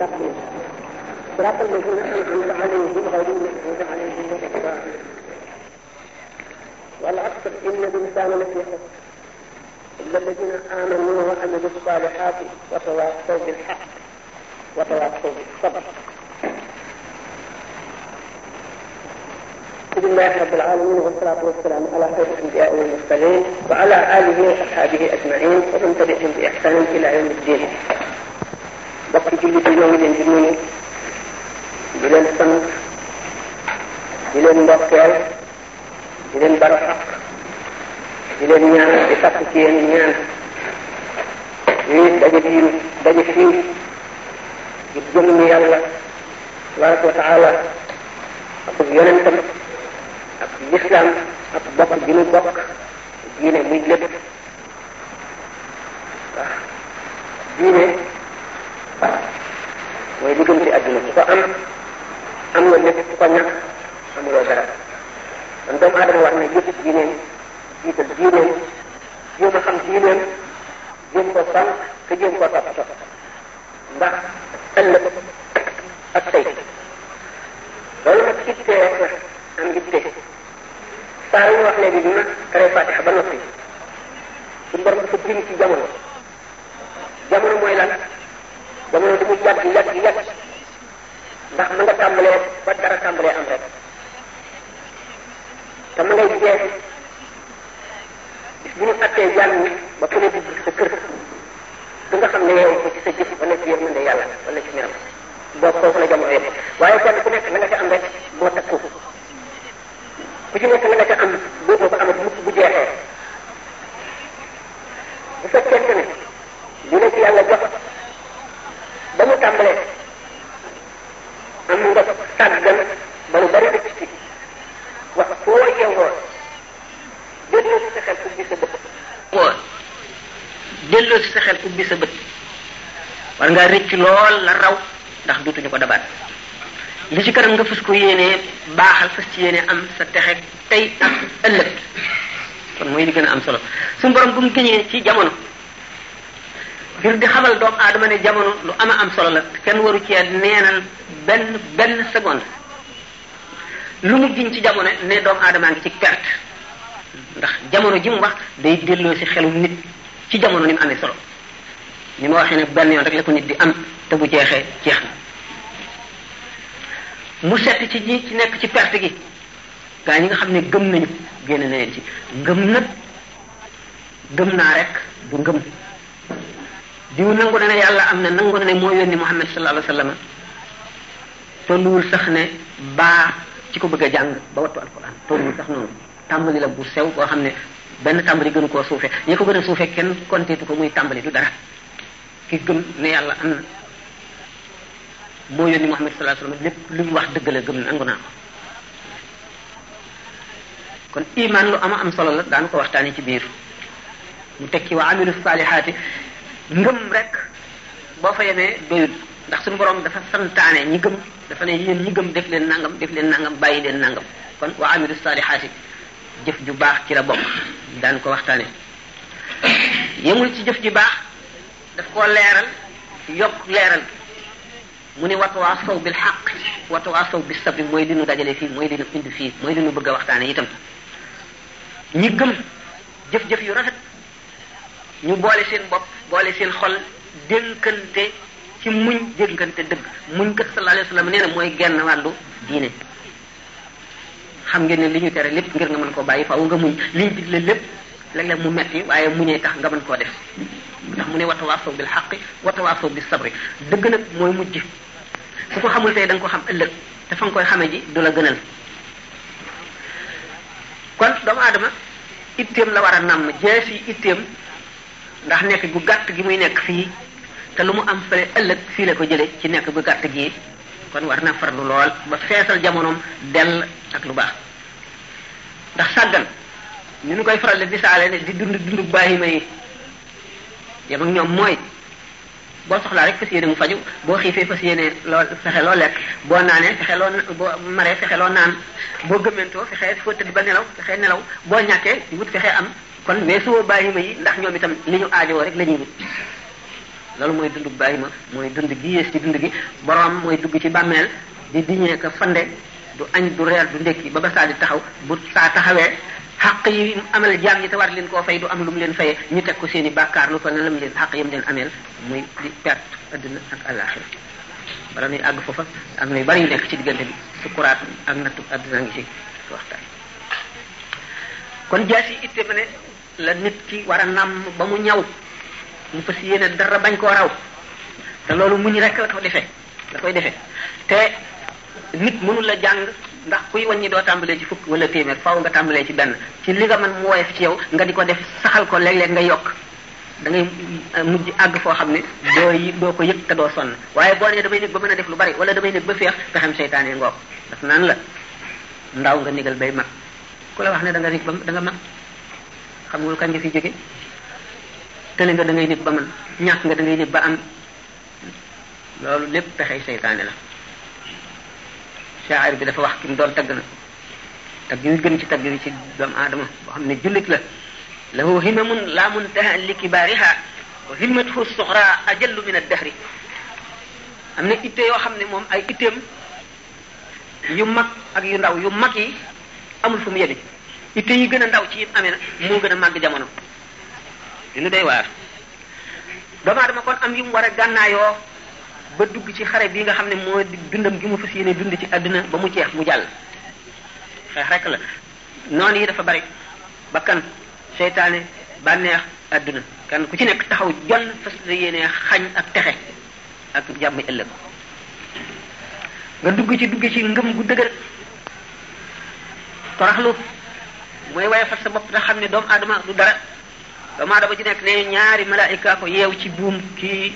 المستقيم صراط الذين أنعمت عليهم غير المغضوب عليهم ولا الضالين والعصر إن الإنسان لفي خسر إلا الذين آمنوا وعملوا الصالحات وتواصوا بالحق وتواصوا بالصبر بسم الله رب العالمين والصلاة والسلام على خير الأنبياء والمرسلين وعلى آله وأصحابه أجمعين ومن تبعهم بإحسان إلى يوم الدين bokk jullit yi ñoo ngi leen di nuyu di leen sant di leen ndokkeel di leen ñaan di sakk ci yéen ñaan ñuy daje fii daje fii di jëmm yàlla tabaraka wa taala ak yonentam ak lislaam ak bokk gi ñu bokk mooy li gën ci àdduna ku ko am am nga lépp ku ko ñàkk amuloo dara kon doomu aadama war na yëpp diineen jiital diineen jéem a xam diineen jéem ko fan te ko topp ndax ëllëg ak tey loolu nag ittee am ittee saa yu ñu wax léegi dina tere fatiha ba noppi su borom dafa bind ci jamono jamono mooy lan jamono bi muy yàgg yàgg yàgg ndax ma nga tàmbalee ba dara tàmbalee am rek te ma ngay jeex bis bu ñu attee jàmm ba ku ne di sa kër du nga xam ne yow ko ci sa jëf wala ci la jamono yëpp waaye kenn ku nekk la nga ca am rek moo takku ku ci nekk la nga ca am dootoo ko amat mukk bu jeexee bu fekkente ne dina ci yàlla jox ba mu tàmbalee am nga sàggan ba lu bari dëkk ci wax foo yeewoo delloo ubbi sa bët. woon delloo si sa xel ubbi sa bët war ngaa rëcc lool la raw ndax duutuñu ko dabaat li ci kanam nga fas ko yéenee baaxal fas ci yéenee am sa texe tey ak ëllëg kon mooy li gën a am solo suñu borom bu mu gëñee ci jamono. ngir di xamal doomu adama ne jamono lu ama am solo la kenn waru cee neenal benn benn seconde lu mu giñ ci jamono ne doomu aadamaa ngi ci perte ndax jamono ji mu wax day delloo si xelu nit ci jamono ni mu amee solo ni ma waxee ne benn yoon rek la ko nit di am te bu jeexee jeex na mu set ci ñi ci nekk ci perte gi gaa ñi nga xam ne gëm nañu génn na leen ci ngëm nag gëm naa rek du ngëm diw nangu na ne yàlla am na nangu na ne moo yónni Muhammad sallallahu alayhi wa sallam tolluwul sax ne ko bëgg jàng ba wattu alquran tolluwul la bu sew koo xam ne benn tàmbali gënu koo suufe ko gën a suufe kenn ko muy tàmbali du dara yàlla am na Muhammad sallallahu lépp lu wax dëgg la gëm nangu naa lu ama am solo la daanu ko waxtaanee ci biir mu ci wa amilu salihaati ngëm rek boo fa yemee doyut ndax suñu borom dafa santaane ñi gëm dafa ne yéen ñi gëm def leen nangam def leen nangam bàyyi leen nangam kon wa amilu saalihaati jëf ju baax ci la bokk daan ko waxtaane yemul ci jëf ju baax daf koo leeral yokk leeral mu ne watawaasaw bil xaq watawaasaw bis sabri mooy li nu dajale fii mooy li nu indi fii mooy li nu bëgg a waxtaane itam ñi gëm jëf-jëf yu rafet ñu boole seen bopp boole seen xol dénkante ci muñ dénkante dëgg muñ kat sallallahu alayhi wa sallam nee mooy genn wàllu diine xam ngeen ne li ñu tere lépp ngir nga mën koo bàyyi faaw nga muñ liñ digle lépp léeg-léeg mu metti waaye mu muñee tax nga mën koo def ndax mu ne watawaasaw bil xaqi watawaasaw bis sabri dëgg nag mooy mujj ku ko xamul tey danga ko xam ëllëg te nga koy xame ji du la gënal kon doomu aadama itteem la war a nàmm jees yi itteem ndax nekk gu gàtt gi muy nekk fii te lu mu am fële ëllëg fii la ko jële ci nekk gu gàtt gi kon war na farlu lool ba feesal jamonoom dell ak lu baax ndax sàggan ni nu koy faral di misaale ne di dund dundu baahima yi yam ak ñoom mooy boo soxlaa rek fas yéene mu faju boo xiifee fas yéene loo fexe loo lekk boo naanee fexe loo boo maree fexe loo naan boo gëmmentoo fexe foo tëdd ba nelaw fexe nelaw boo ñàkkee wut fexe am kon weesuwoo baahima yi ndax ñoom itam li ñu aajowoo rek la ñuy wut loolu mooy dundu baay ma mooy dund gi ci dund gi boroom mooy dugg ci bàmmeel di diñee ka fande du añ du reer du ndekki ba ba saa di taxaw bu saa taxawee xaq yi amal jaam ñi te war leen koo fay du am lu mu leen fayee ñu teg ko seen i bàkkaar lu fa ne lam leen xaq yam leen ameel muy di perte adduna ak àllaaxira bala nuy àgg foofa am na yu bari yu nekk ci diggante bi sukuraat ak nattu adduna ngi la nit ki war a nàmm ba mu ñaw mu fas yéene dara bañ koo raw te loolu muñ rek la ko defee la koy defe te nit mënul la jàng ndax kuy wàññi doo tàmbalee ci fukk wala téeméer faaw nga tàmbalee ci benn ci li nga man mu woyof ci yow nga di ko def saxal ko léeg-léeg nga yokk da ngay eh, mujj àgg foo xam ne doo yi ko yëg te doo sonn waaye boo damay nekk mën a def lu bari wala damay nekk ba feex xam seytaane ngoog daf naan la ndaw nga négal bay mag ku la wax ne da nga nekk ba da nga xamul kañ nga fi jóge tële nga da ngay nit ba man ñàkk nga da ngay nit ba am loolu lépp pexey seytaane la shaa'ir bi dafa wax ki mu doon tagg na tagg yu gën ci tagg yi ci doomu aadama boo xam ne jullit la lahu himamun la muntaha li kibaariha wa himmatuhu suxra ajallu min addahri am na itte yoo xam ne moom ay itteem yu mag ak yu ndaw yu mag yi amul fu mu yële itte yi gën a ndaw ci it amee na moo gën a màgg jamono dina day waar bamaa aadama kon am yi mu war a gànnaayoo ba dugg ci xare bi nga xam ne moo dundam gi mu fas yéene dund ci àdduna ba mu jeex mu jàll xeex rek la noonu yi dafa bari bakkan seytaane bànneex àdduna kan ku ci nekk taxaw jonn fas yéene xañ ak texe ak jàmm ëllëg nga dugg ci dugg ci ngëm gu dëgër toraxlu mooy waaye fas sa bopp te xam ne doomu aadama du dara doomu aadama ci nekk ne ñaari malaayika ko yeew ci buum kii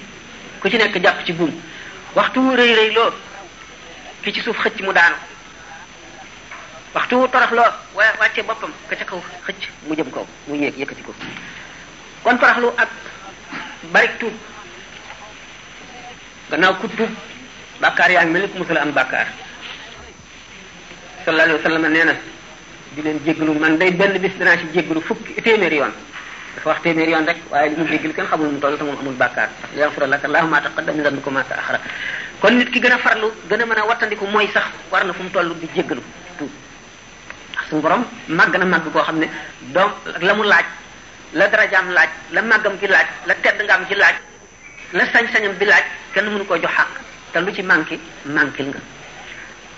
ku ci nekk jàpp ci buum waxtu wu rëy rëy loo ki ci suuf xëcc mu daanu waxtu wu torox loo waaye wàccee boppam ka ca kaw xëcc mu jëm kaw mu yéeg yëkkati ko kon toroxlu ak barik tuub gannaaw ku tuub bàkkaar yaa ngi mel ni ku musul am bàkkaar sallallahu alayhi wa sallam di leen jéggalu man day benn bis danaa ci lu fukki téeméeri yoon dafa wax téeméeri yoon rek waaye li mu jéggalu kenn xamul mu toll te moom amul bàkkaar ndax yaghfira laka Allahu ma taqaddama min dhanbika wa ma kon nit ki gën a farlu gën a mën a mooy sax war na fu mu toll di jéggalu tuub borom màgg na màgg koo xam ne donc la mu laaj la darajaam laaj la màggam gi laaj la tedd ngaam gi laaj la sañ-sañam bi laaj kenn mënu koo jox xàq te lu ci manqué manqué nga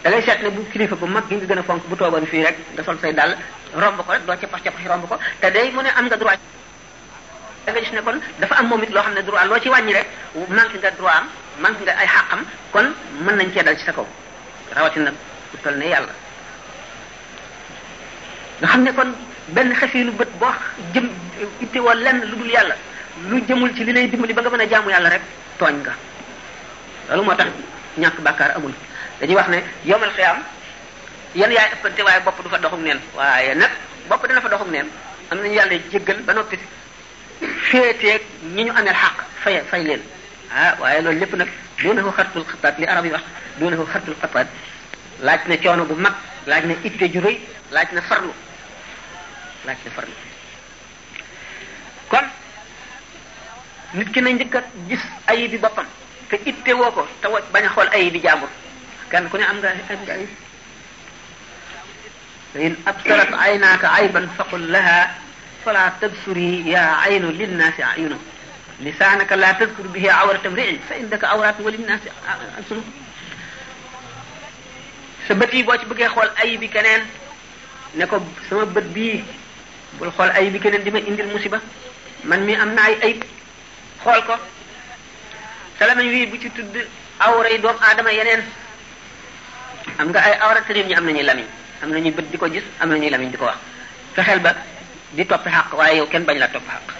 da ngay seet ne bu kilifa bu mag gi nga gën a fonk bu toogoon fii rek nga sol say dàll romb ko rek doo cappax cappax romb ko te day mu ne am nga droit da nga gis ne kon dafa am moom it loo xam ne droit loo ci wàññi rek manque nga droit am manque nga ay xàqam kon mën nañ cee dal ci sa kaw rawatina ku toll ne yàlla nga xam ne kon benn xefii lu bët boo jëm itti woo lenn lu dul yàlla lu jëmul ci li lay dimbali ba nga mën a jaamu yàlla rek tooñ nga loolu moo tax ñàkk bàkkaar amul dañuy wax ne yomal xiyaam yan yaay ëppante waaye bopp du fa doxuk neen waaye nag bopp dana fa doxuk neen am nañu yàlla jéggal ba noppi féeteeg ñi ñu ameel xaq fay fay leen ah waaye loolu lépp nag doona ko xartul xataat li arab yi wax doona ko xartul xataat laaj na coono bu mag laaj na itte ju laaj na farlu laaj na farlu kon nit ki na njëkk gis ayi boppam te itte woo ko te bañ a xool ayi bi kenn ku ne am nga am nga ayib fa in absarat aynaaka ayban faqul laha fala tabsuri ya aynu linnaasi ayunu lisaanaka la tadkur bihi awrata mriin fa indaka awratun wa linnaasi alsunu sa bët yi boo ci bëggee xool ayibi keneen ne ko sama bët bii bul xool ayibi keneen di ma indil musiba man mi am na ay ayib xool ko salamañ wii bu ci tudd awray doomu aadama yeneen am nga ay awra te nit ñi am na ñuy bët di ko gis am nañuy lamiñ di ko wax fexeel ba di topp xaq waaye yow kenn bañ la topp xaq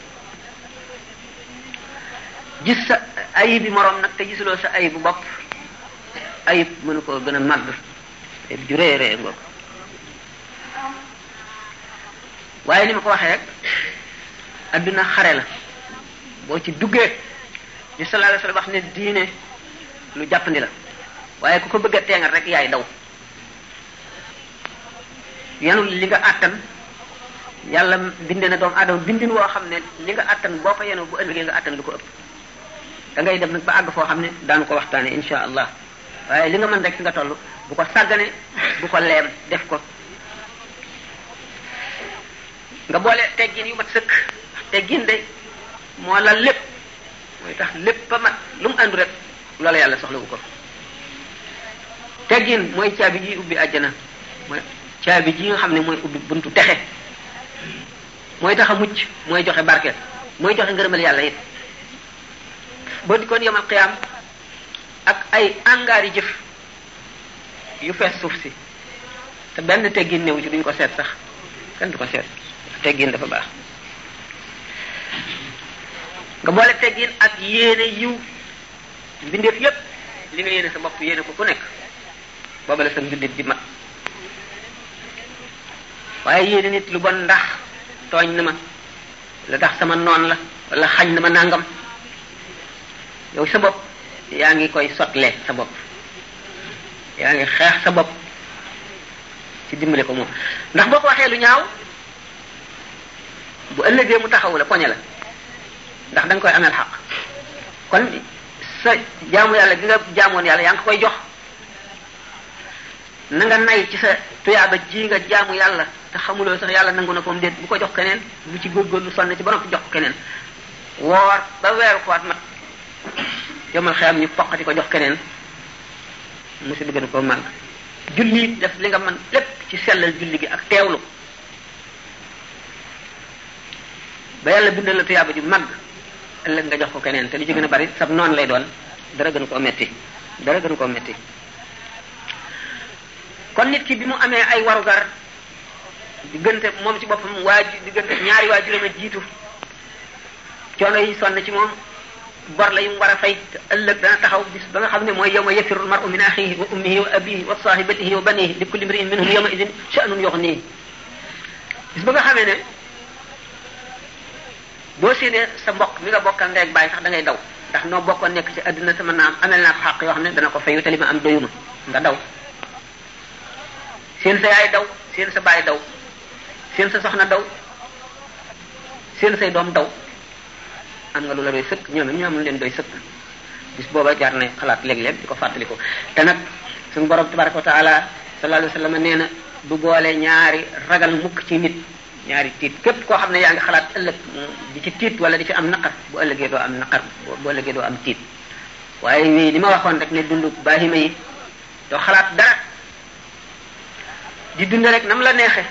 gis sa ayib bi moroom nag te gisuloo sa ayib bu bopp ayib mënu koo gën a màgg ayib ngoog waaye ni ma ko waxee rek adduna xare la boo ci duggee ni sallallahu alayhi wa wax ne diine lu jàppandi la waaye ku ko bëgg a rek yaay daw yanul li nga àttan yàlla binde na doomu aadama bindin woo xam ne li nga àttan boo ko yenu bu ëllëgee nga àttan lu ko ëpp da ngay dem nag ba àgg foo xam ne daanu ko waxtaane insha allah waaye li nga mën rek fi nga toll bu ko sàggane bu ko leem def ko nga boole teggin yu mat sëkk teggin de moo la lépp mooy tax lépp a mat lu mu àndu rek loola yàlla soxlawu ko teggin mooy caabi ji ubbi àjjana mooy caabi ji nga xam ne mooy ubbi buntu texe mooy tax mucc mooy joxe barke mooy joxe ngërëmal yàlla it boo di koon yamal xiyaam ak ay angaari jëf yu fees suuf si te benn teggin néew ci duñ ko seet sax kenn du ko seet teggin dafa baax nga boole teggin ak yéene yiw mbindeef yépp li nga yéene sa bopp yéene ko ku nekk booba la sa njudit di mat waaye yéene nit lu bon ndax tooñ na ma la tax sama noon la walla xañ na ma nàngam yow sa bopp yaa ngi koy sotle sa bopp yaa ngi xeex sa bopp ci dimbale ko moom ndax boo ko waxee lu ñaaw bu ëllëgee mu taxaw la poñe la ndax da koy ameel xaq kon sa jaamu yàlla gi nga jaamoon yàlla yaa ngi koy jox na nga nay ci sa tuyaaba ji nga jaamu yàlla te xamuloo sax yàlla nangu na ko mu bu ko jox keneen bu ci góorgóorlu sonn ci ba noppi jox keneen woor ba weeru ko at mat yomal xeyam ñu poqati ko jox keneen mosi bi gën ko màgg julli def li nga mën lépp ci sellal julli gi ak teewlu ba yàlla bindal la tuyaaba ji màgg ëllëg nga jox ko keneen te li ci gën a bari sab noon lay doon dara gën koo metti dara gën koo metti kon nit ki bi mu amee ay warugar diggante moom ci boppam waa diggante ñaari waajuram a jiitu coono yi sonn ci moom bor la yu mu war a fay te ëllëg dana taxaw bis ba nga xam ne mooy yawma yafirru al-mar'u min axiihi wa ummihi wa abiihi wa saahibatihi wa baniihi li kulli imri'in minhum yawma idin sha'nun ne boo séenee sa mboq mi nga bokkal ndey ak baay sax da daw ndax noo bokkoo nekk ci àdduna sama naam amel naa ko xàq yoo xam ne dana ko fayu te li ma am doyuma nga daw seen sa yaay daw seen sa baay daw seen sa soxna daw seen say doom daw am nga lu la doy sëkk ñoom it ñu am leen doy sëkk bis booba jaar na xalaat léeg-léeg di ko fàttaliku te nag suñu borom tabaraka wa taala sallallahu alayhi wa sallam na du boole ñaari ragal mukk ci nit ñaari tiit képp koo xam ne yaa ngi xalaat ëllëg di ci tiit wala di ci am naqar bu ëllëgee doo am naqar bu ëllëgee doo am tiit waaye li ma waxoon rek ne dundu baahima yi doo xalaat dara di dund rek nam la neexe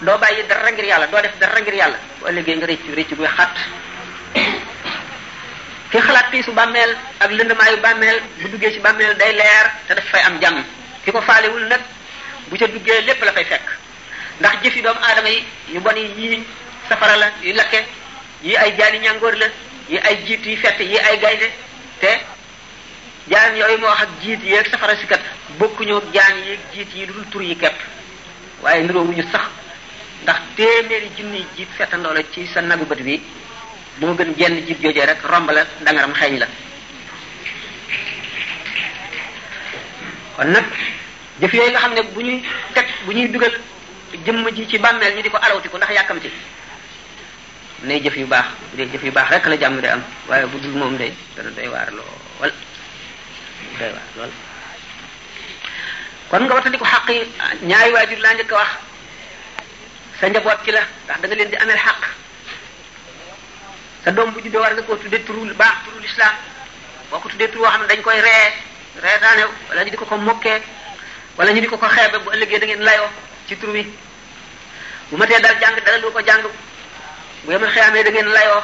doo bàyyi dara ngir yàlla doo def dara ngir yàlla bu ëllëgee nga rëcc rëcc buy xat ki xalaat tiisu bàmmeel ak lëndamaayu bàmmeel bu duggee ci bàmmeel day leer te daf fay am jàmm ki ko faalewul nag bu ca duggee lépp la fay fekk ndax jëfi doomu aadama yi yu bon yi yii safara la yu lakke yi ay jaani ñàngoor la yi ay jiit yi fett yi ay gaynde te jaan yooyu nga wax ak jiit yi ak safara si kat bokkuñu ak jaan yi jiit yi lu dul tur yi kepp waaye niroowuñu sax ndax téeméeri junni jiit fettandoo la ci sa nagu bët bi moo gën jenn jiit joojee rek romb la dangaram xeeñ la kon nag jëf yooyu nga xam ne bu ñuy teg bu ñuy dugal jëmm ji ci bàmmeel ñu di ko alawti ko ndax yàkkam yàkkamti nay jëf yu baax bu dee jëf yu baax rek la jàmm de am waaye bu dul moom de dana doy waar lool doy waar lool kon nga wattandiku xaq yi ñaari waajur laa njëkk a wax sa njaboot ci la ndax da leen di ameel xaq sa doom bu juddoo war nga koo tuddee turu baax turu lislaam boo ko tuddee turu woo xam ne dañ koy ree reetaane wala ñu di ko ko mokkee wala ñu di ko ko xeebe bu ëllëgee da ngeen layoo ci tur wi bu ma tee dal jàng dala lu ko jàng bu yemal xeyaamee da ngeen layoo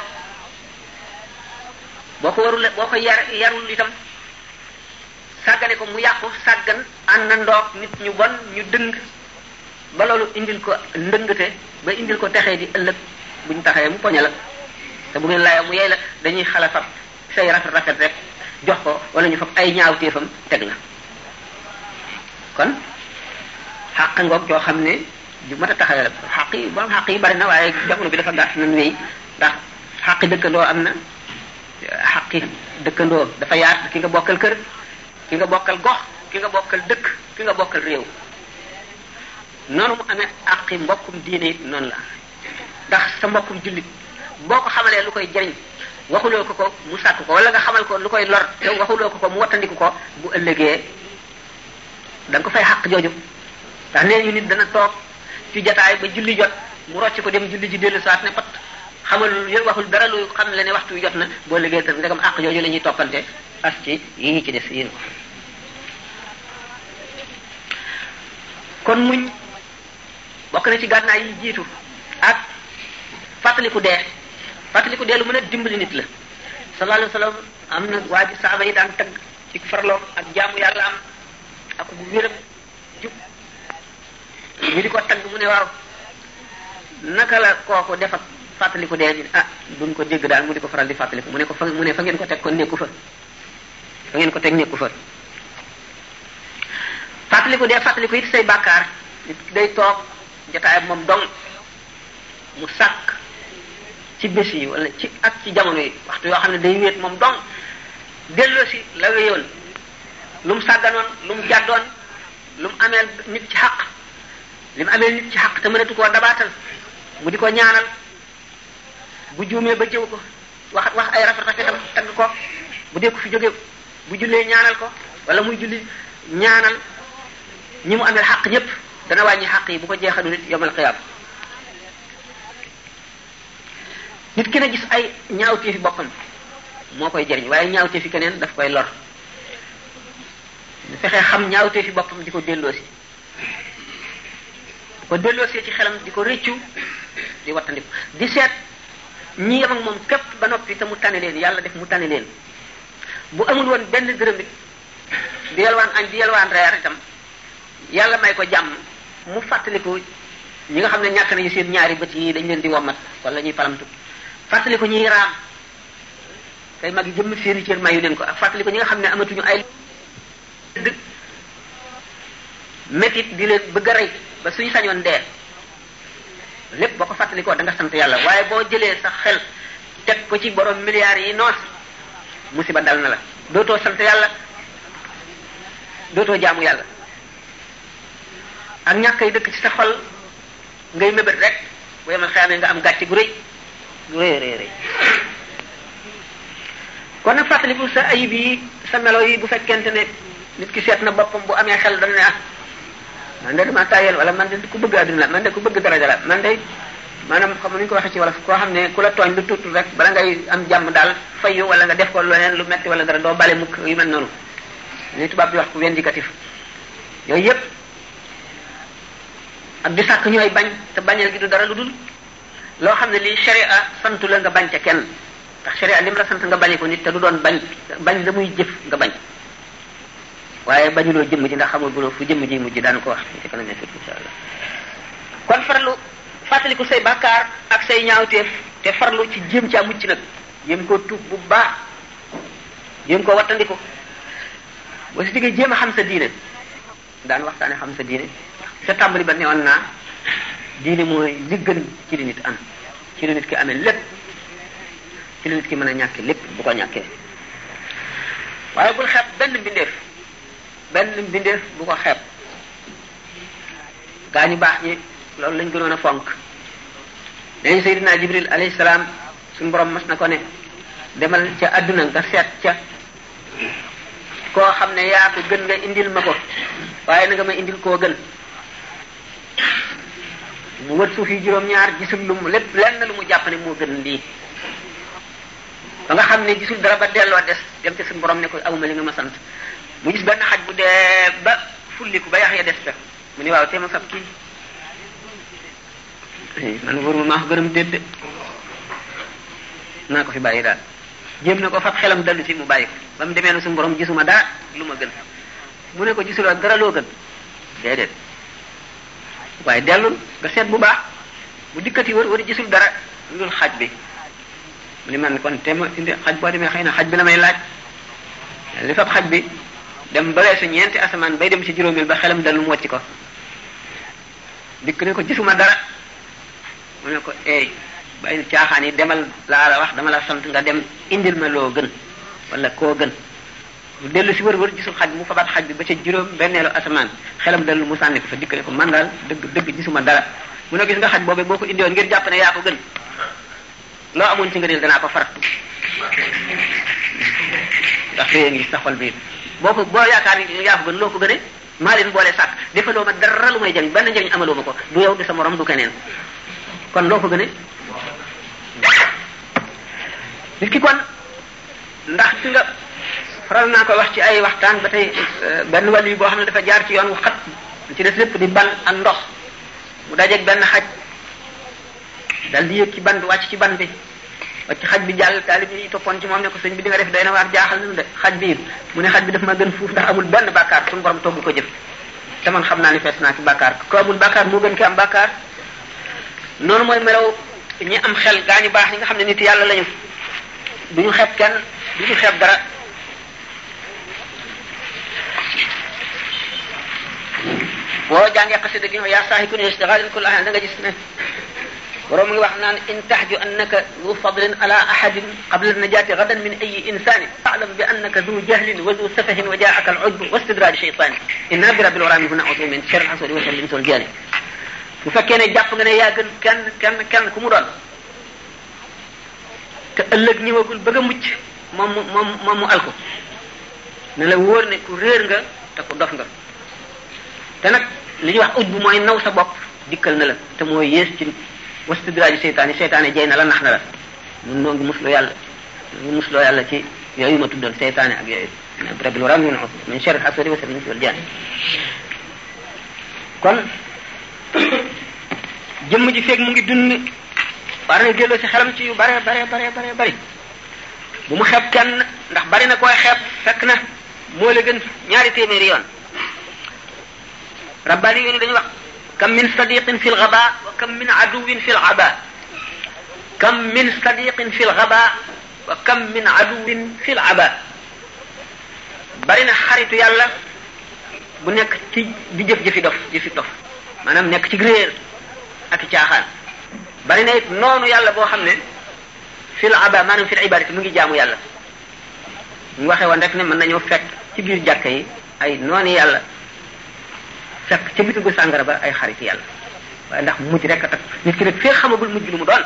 boo ko warul boo ko yarul itam sàggane ko mu yàqu sàggan ànd na ndoog nit ñu bon ñu dëng ba loolu indil ko ndëngte ba indil ko texee di ëllëg buñ taxee mu poñe la te bu ngeen laaya mu yey la dañuy xala fab say rafet rafet rek jox ko wala ñu fab ay ñaawteefam teg la kon xàq ngoog joo xam ne ju mat a taxawee la xàq yi borom xàq yi bari na waaye jamono bi dafa gàtt nañ wéy ndax xàqi dëkkandoo am na xàqi dëkkandoo dafa yaat ki nga bokkal kër ki nga bokkal gox ki nga bokkal dëkk ki nga bokkal réew noonu mu amee àqi mbokkum diine noonu la ndax sa mbokkum jullit boo ko xamalee lu koy jariñ waxuloo ko ko mu sàkk ko wala nga xamal ko lu koy lor te waxuloo ko ko mu wattandiku ko bu ëllëgee da ko fay xaq jooju ndax nee ñu nit dana toog ci jataay ba julli jot mu rocc ko dem julli ji dellu saat ne pat xamalul yë waxul dara lu xam la ne waxtu wi jot na boo liggéey tam ndegam àq yooyu la ñuy toppante as ci yi ci des yéen kon muñ bokk na ci gànnaay yi jiitu ak fàttaliku dee fàttaliku dee lu mën a dimbali nit la sallallahu alayhi wa sallam am na waa ji yi daan tagg ci farloom ak jaamu yàlla am ak bu jub ñu di ko tagg mu ne waaw naka la kooku defak fàttaliku de ñu ah duñ ko dégg daal mu di ko faral di fàttaliku mu ne ko fa mu ne fa ngeen ko teg kon nekku fa ngeen ko teg nekku fa fàttaliku de fàttaliku it say bàkkaar nit day toog jotaay moom doŋ mu sàkk ci bés yi wala ci ak ci jamono yi waxtu yoo xam ne day wéet moom dong delloo si la wéyoon lu mu sàgganoon lu mu jàddoon lu mu ameel nit ci xaq li mu ameel nit ci xaq te mënatu koo dabaatal mu di ko ñaanal bu juumee ba jëw ko wax wax ay rafet rafetam tagg ko bu dee ko fi jóge bu jullee ñaanal ko wala muy julli ñaanal ñi mu amel xaq ñépp dana wàññi xaq yi bu ko jeexalu nit yomal xiyaam nit ki na gis ay ñaawteefi boppam moo koy jëriñ waaye fi keneen daf koy lor bu fexee xam fi boppam di ko delloosi bu ko delloosee ci xelam di ko rëccu di wattandiku di seet ñi yem ak moom képp ba noppi te mu tane leen yàlla def mu tane leen bu amul woon benn dërëm it di yalwaan añ di yalwaan reer itam yàlla may ko jàmm mu fàttaliku ñi nga xam ne ñàkk nañu seen ñaari bët yi dañ leen di wommat wala ñuy palamtu fàttaliku ñuy raam kay mag yi jëmm seeni cër mayu leen ko ak fàttaliku ñi nga xam ne amatuñu ay dëgg métit di leen bëgg a rey ba suñu sañoon dee lépp boo ko fàttalikoo da nga sant yàlla waaye boo jëlee sa xel teg ko ci borom milliards yi noos musiba dal na la dootoo sant yàlla dootoo jaamu yàlla ak ñàkk yi dëkk ci sa xol ngay mébét rek bu yemal xayamee nga am gàcce gu rëy gu rëy rëy kon nag fàttaliku sa ayib yi sa melo yi bu fekkente ne nit ki seet na boppam bu amee xel dana ne ah man de dama tayel wala man de ku bëgg adduna la man de ku bëgg daraja la man de maanaam xam nañu ko waxee ci wala koo xam ne ku la tooñ lu tuuti rek bala ngay am jàmm daal fayu wala nga def ko leneen lu metti wala dara doo bale mukk yu mel noonu li tubaab di wax ku vindicatif yooyu yëpp ak di sàkk ñooy bañ te bañeel gi du dara lu dul loo xam ne lii sharia santu la nga bañ ca kenn ndax sharia lim la sant nga bañe ko nit te du doon bañ bañ la muy jëf nga bañ waaye bañuloo jëmm ji ndax xamul buloo fu jëmm ji mujj daan ko wax ci kanam nekk insha allah kon farlu fàttaliku say bàkkaar ak say ñaawteef te farlu ci ci caa ci nag jéem koo tuub bu baax jéem koo wattandiku boo si jógee jéem a xam sa diine daan waxtaan waxtaane xam sa diine sa tàmbali ba newoon naa diine mooy li gën ci li nit am ci li nit ki amee lépp ci li nit ki mën a ñàkke lépp bu ko ñàkkee waaye bul xeeb benn mbindeef benn mbindeef bu ko xeeb gaa ñu baax ñi loolu lañ gënoon a fonk dañ Seydina Jibril alayhi salaam suñu borom mas na ko ne demal ca àdduna nga seet ca koo xam ne yaa ko gën nga indil ma ko waaye na nga ma indil koo gën mu wër suuf yi juróom-ñaar gisul lu mu lépp lenn lu mu jàpp ne moo gën lii ba xam ne gisul dara ba delloo des dem ca suñu borom ne ko awma li nga ma sant mu gis benn xaj bu dee ba fulliku ba yax ya des mu ni waaw te ma fab kii eh, man wóor maa ko gërëm naa ko fi bàyyi daal jéem na ko fab xelam dallu ci mu bàyyi ba mu demee na suñu borom gisuma dara lu ma gën mu ne ko gisuloo dara loo gën déedéet waaye dellul nga seet bu baax bu dikkati wër wër gisul dara lu dul xaj bi mu ne man kon te ma xaj boo demee xëy na xaj bi la may laaj li fab xaj bi dem ba weesu ñeenti asamaan bay dem ci juróomil ba xelam dal mu wàcc ko dikk ne ko gisuma dara mu ne ko eey bàyyi caaxaan yi demal laa la wax dama la sant nga dem indil ma loo gën wala koo gën mu dellu si war wër gisul xaj mu fabaat xaj bi ba ca juróom benneelu asamaan xelam dal mu sànni ko fa dikk ne ko man daal dëgg dëgg gisuma dara mu ne gis nga xaj boobu boo ko indiwoon ngir jàpp yaa ko gën loo amoon ci ngëneel danaa ko far ndax fee boo ko boo yaakaar ni yaa ko gën loo ko gënee maa leen boole sàkk defaloo ma dara lu may jëriñ benn njëriñ amaloo ma ko du yow du sa morom du keneen kon loo ko gënee nit ki kon ndax si nga faral naa ko wax ci ay waxtaan ba tey euh, benn wàll yi boo xam ne dafa jaar ci yoon wu xat ci des lépp di ban ak ndox mu dajeeg benn xaj dal di yëg ci ban bi wàcc ci ban bi ba ci xaj bi jàll taalib yi toppoon ci moom ne ko sëñ bi di nga def day na waar jaaxal nañu de xaj bi mu ne xaj bi dafa ma gën fuuf ndax amul benn bàkkaar suñu borom togg ko jëf te man xam naa ni fees naa ci bàkkaar ko amul bàkkaar moo gën ki am bàkkaar noonu mooy melaw ñi am xel gaa ñu baax ñi nga xam ne nit yàlla lañu du ñu xeeb kenn du ñu xeeb dara boo jàngee xasida gi ñëw a saaxiku ne da nga gis ne borom ngi wax naan in tahju annaka zu fadlin ala ahadin qabla najaati gadan min ayi insaanin fa'lam bi annaka zu jahlin wa zu safahin wa jaa'aka al-'ujbu wa istidraaj shaytaani inna bi rabbil wara min huna a'uudu min sharri al-hasadi wa sharri al-insi wal jaani bu fekkee ne jàpp nga ne yaa gën kenn kenn kenn ku mu doon te ëllëg ñëwagul bëgg a mucc moom mu moom moom mu alko ne la wóor ne ku réer nga te ku dof nga te nag li ñuy wax uj bu mooy naw sa bopp dikkal na la te mooy yées ci wastidraaju seytaane seytaane jey na la nax na la ñun noo ngi musloo yàlla noo ngi yàlla ci yooyu ma tuddoon seytaane ak yooyu rabbil wara min usb min sharri hasadi wa sharri wal jaan kon jëmm ji feeg mu ngi dund war na ci xelam ci yu bare bare bare bare bëri bu mu xeeb kenn ndax bari na koy xeeb fekk na moo la gën ñaari téeméeri yoon rabbaani yoon dañu wax kam min sadiqin fi lxaba wa kam min aduwin fi lxaba kam min sadiqin fi lxaba wa kam min aduwin fi lxaba bari na xaritu yàlla bu nekk ci di jëf jëfi dof jëfi dof maanaam nekk ci réer ak caaxaan bari na it noonu yàlla boo xam ne fi lxaba maanaam fi libadati mu ngi jaamu yàlla mu waxe woon rek ne mën nañoo fekk ci biir jàkka yi ay noonu yàlla fekk ca bitigu sàngara ba ay xarit yàlla waaye ndax mujj rek a tax nit ki nag fee xamagul mujj lu mu doon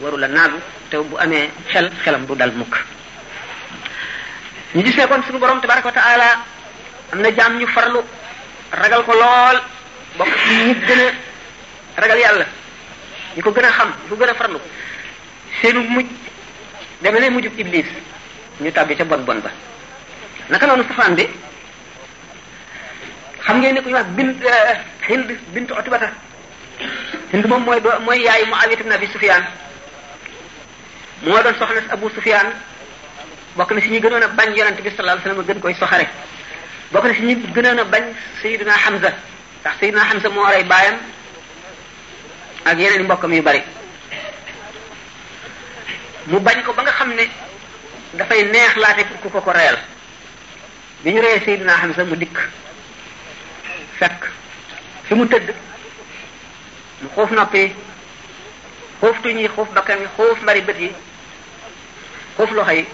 waru la naagu te bu amee xel xelam du dal mukk ñu gis ne kon suñu borom tabaraka wa taala am na jaam ñu farlu ragal ko lool bokk ci gën a ragal yàlla ñu ko gën a xam ñu ko gën a farlu seenu mujj deme ne mujjub iblis ñu tàbbi ca bon bon ba naka noonu safaan bi xam ngeen ne ku ñu wax bint eh, Hind bint Utbata Hind moom mooy doo mooy yaay Muawiya ibn Abi Sufyaan moo doon soxna Abu Sufyaan bokk na si ñu gënoon a bañ yonent bi sallallahu alayhi wasallam gën koy soxare bokk na si ñu gënoon a bañ Sayyidina Hamza ndax Sayyidina Hamza moo rey baayam ak yeneen mbokkam yu bari mu bañ ko ba nga xam ne dafay neex laate pour ku ko ko reyal bi ñu reyee Sayyidina Hamza mu dikk fekk fi mu tëdd mu xuuf noppee yi xuuf tuñ yi xuuf bakkan yi xuuf mbari bët yi xuuf loxo yi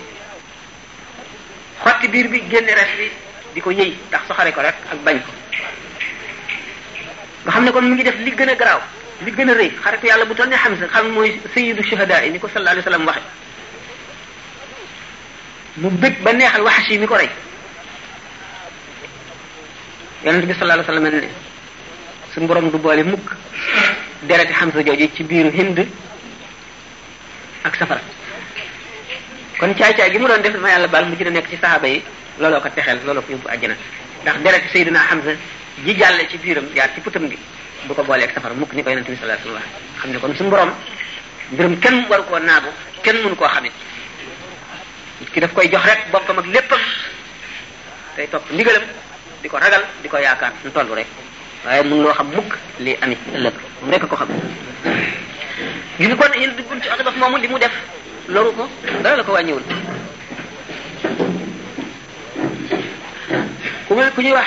xotti biir bi génne res bi di ko yëy ndax soxare ko rek ak bañ ko nga xam ne ko mu ngi def li gën a garaaw li gën a rëy xaritu yàlla bu toll ne Hamza xam mooy sayyidu shuhada yi ni ko sallallahu la wa sallam waxe mu bëgg ba neexal waxashi mi ko rey yonent bi sallallahu alayhi wasallam ne suñu borom du boole mukk dereti Hamza jooju ci biiru Hind ak safar kon caay-caay gi mu doon def ma yàlla baal mu ci nekk ci saxaaba yi looloo ko texeel looloo ko yóbbu àjjana ndax deret Seydina Hamza ji jàlle ci biiram jaar ci putam gi bu ko booleeg safar mukk ni ko yonent bi xam ne kon suñu borom mbirum kenn waru koo naagu kenn mënu koo xamit ki daf koy jox rek boppam ak léppam tey topp ndigalam di ko ragal di ko yaakaar ñu toll rek waaye mun loo xam mukk li amit ëllëg mu rek ko xam ñu ni kon yéen duggul ci oto baf moomu li mu def loru ko dara ko wàññiwul ku ku ñuy wax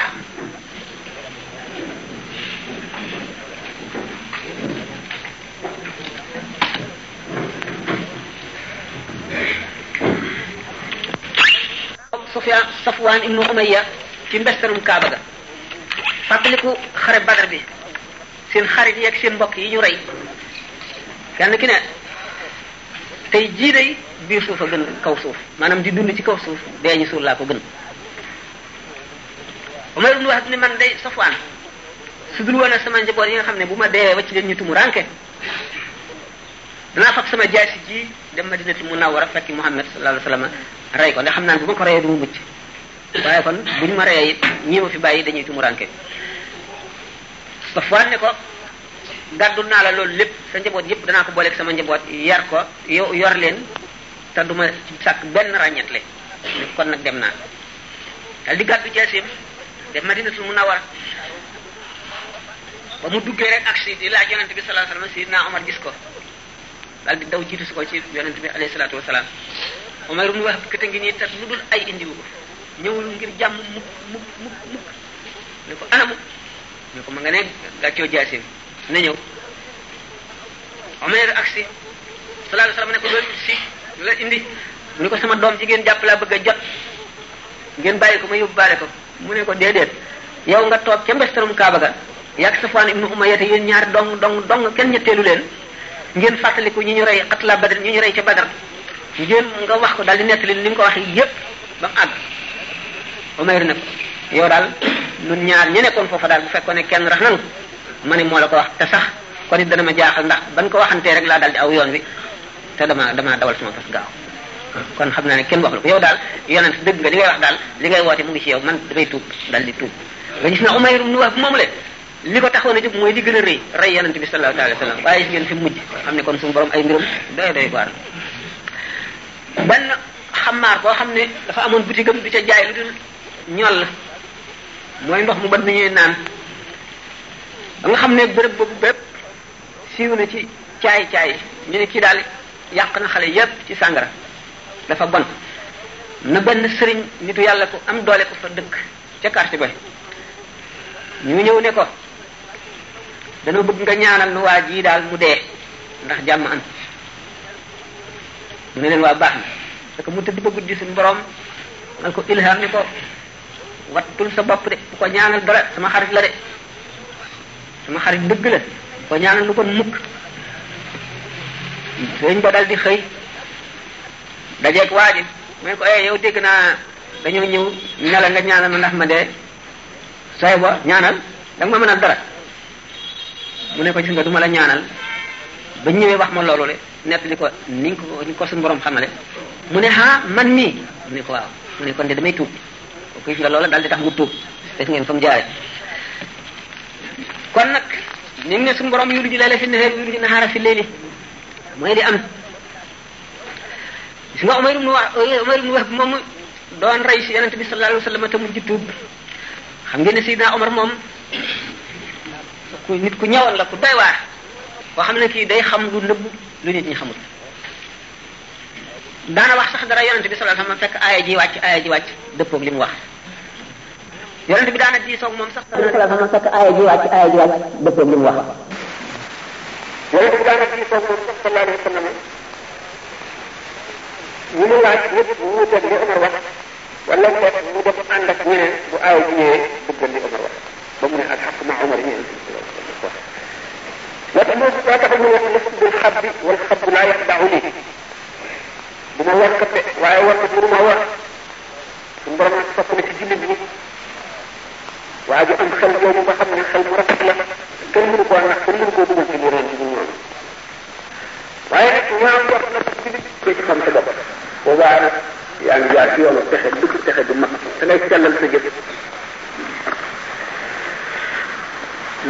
Sufyaan Safwaan ibnu ci mbestarum Kaaba ga fàttaliku xare Badar bi seen xarit yi ak seen mbokk yi ñu rey kenn ki ne tey jii day biir suuf a gën kaw suuf maanaam di dund ci kaw suuf dee ñu suul laa ko gën Umar ibn Wahab ni man day Safwaan su dul woon sama njaboot yi nga xam ne bu ma deewee wacc leen ñu tumu ranke danaa fab sama jaasi ji dem Madinatul Munawwara fekki Muhammad sallallahu alayhi wa sallam rey ko ndax xam naa ne bu ma ko reyee du mu mucc waaye kon ñu ma reyee it ma fi bàyyi dañuy tumuranke Safwaan ne ko gàddu naa la loolu lépp sa njaboot yépp danaa ko booleeg sama njaboot yar ko yor leen te du ma sàkk benn ràññetle kon nag dem naa dal di gàddu jeesim dem Madinatul Munawwara ba mu duggee rek ak si di laaj yonent bi sallallahu alayhi wasallam Sayyidina Omar gis ko dal di daw jiitu si ko ci yonent bi alayhi salaatu wasalaam Omar ibn Wahab këte ngi nii te lu dul ay indiwu ko ñëwul ngir jàmm mukk mukk mukk mukk ne ko anamu ne ko ma nga ne gàccoo jaasim na ñëw Omer ak si sallallahu alayhi wasallam ne ko loolu si la indi ni ko sama doom jigéen jàpp laa bëgg a jot ngeen bàyyi ko ma yóbbaale ko mu ne ko déedéet yow nga toog ca mbestarum Kaaba ga yàgg Safwaan ibnu Umayya te yéen ñaar dong dong dong kenn ñetteelu leen ngeen fàttaliku ñi ñu rey xatla Badar ñi ñu rey ca Badar ngeen nga wax ko daal di nettali ni nga ko waxee yépp ba mu àgg Umayr ne ko yow daal nun ñaar ñi nekkoon foofa daal bu fekkoon ne kenn rax nanu ma ne moo la ko wax te sax kon it dana ma jaaxal ndax ban ko waxantee rek laa dal di aw yoon wi te dama damaa dawal sama fas gaaw kon xam naa ne kenn waxul ko yow daal yonent dëgg nga li ngay wax daal li ngay woote mu ngi ci yow man damay tuub daal di tuub nga gis na Umayr ibn Wahb moom le li ko taxoon a jóg mooy di gën a rëy rey yonent bi sallallahu alayhi wa sallam waaye gis ngeen fi mujj xam ne kon suñu borom ay mbirum doy doy waar benn xamaar boo xam ne dafa amoon boutique am di ñoll mooy ndox mu ban mi ñuy naan ba nga xam ne bërëb boobu bépp siiw na ci caay caay ñu ne kii daal yàq na xale yépp ci sàngara dafa bon na benn sëriñ nitu yàlla ko am doole ko fa dëkk ca quartier ba ñu ñëw ne ko dana bëgg nga ñaanal nu waa jii daal mu dee ndax jàmm am mu ne leen waa baax na parce que mu tëdd ba guddi suñu borom ngal ko ilham ni ko wattul sa bopp de bu ko ñaanal dara sama xarit la de sama xarit dëgg la bu ko ñaanal lu kon mukk sëñ ba dal di xëy dajeeg waa ji mu ne ko eh yow dégg naa dañoo ñëw ne nga ñaanal ma ndax ma dee sooy ba ñaanal da nga ma mënal dara mu ne ko gis nga du ma la ñaanal ba ñëwee wax ma loolu le ni ko ni ko suñu borom xamale mu ne ah man mii mu ne ko waaw mu ne kon de damay tuub gis nga loola daal di tax mu tuub def ngeen fa mu jaare kon nag ni ne suñu borom yulu ji layla fi nahaar yulu ji nahaara fi layli mooy di am gis nga Umayr ibn oh Umayr ibn Wahb moom doon bi sallallahu alayhi wa sallam te mujj tuub xam ngeen ne Seydina moom ku nit ku ñëwoon la ku doy waar boo xam ne kii day xam lu nëbb lu nit ñi xamul daana wax sax dara yonente bi sallallahu alayhi wasallam fekk aaya ji wàcc aaya ji wàcc dëppoog li mu wax yonente bi daana diisoog moom sax sallallahu alayhi wasallam fekk aaya ji wàcc aaya ji wàcc dëppoog li mu wax yonente bi daana diisoog moom sax sallallahu alayhi wasallam ñu mu laaj ñëpp mu wuuteeg li Omar wax wala mu def mu def ànd ak ñeneen bu aaya ji ñëwee dëggal li Omar wax ba mu ne ak xaq ma Omar ñëwee wax wa tax moo tax ñu wax lëf bil xab bi wal xab laa yaxdau lii bu ma warkat de waaye warkat mënu ma war suñu borom nag sopp na ci jullit bi waa ji am xel jooju nga xam ne xel mu rafet la kenn mënu koo nax kenn mënu koo dugal ci leneen ci ñoom waaye nag ñaam war na ci jullit ko ci xam sa bopp boobaa nag yaa ngi jaar ci yoonu texe dugg texe du mag da ngay sellal sa jëf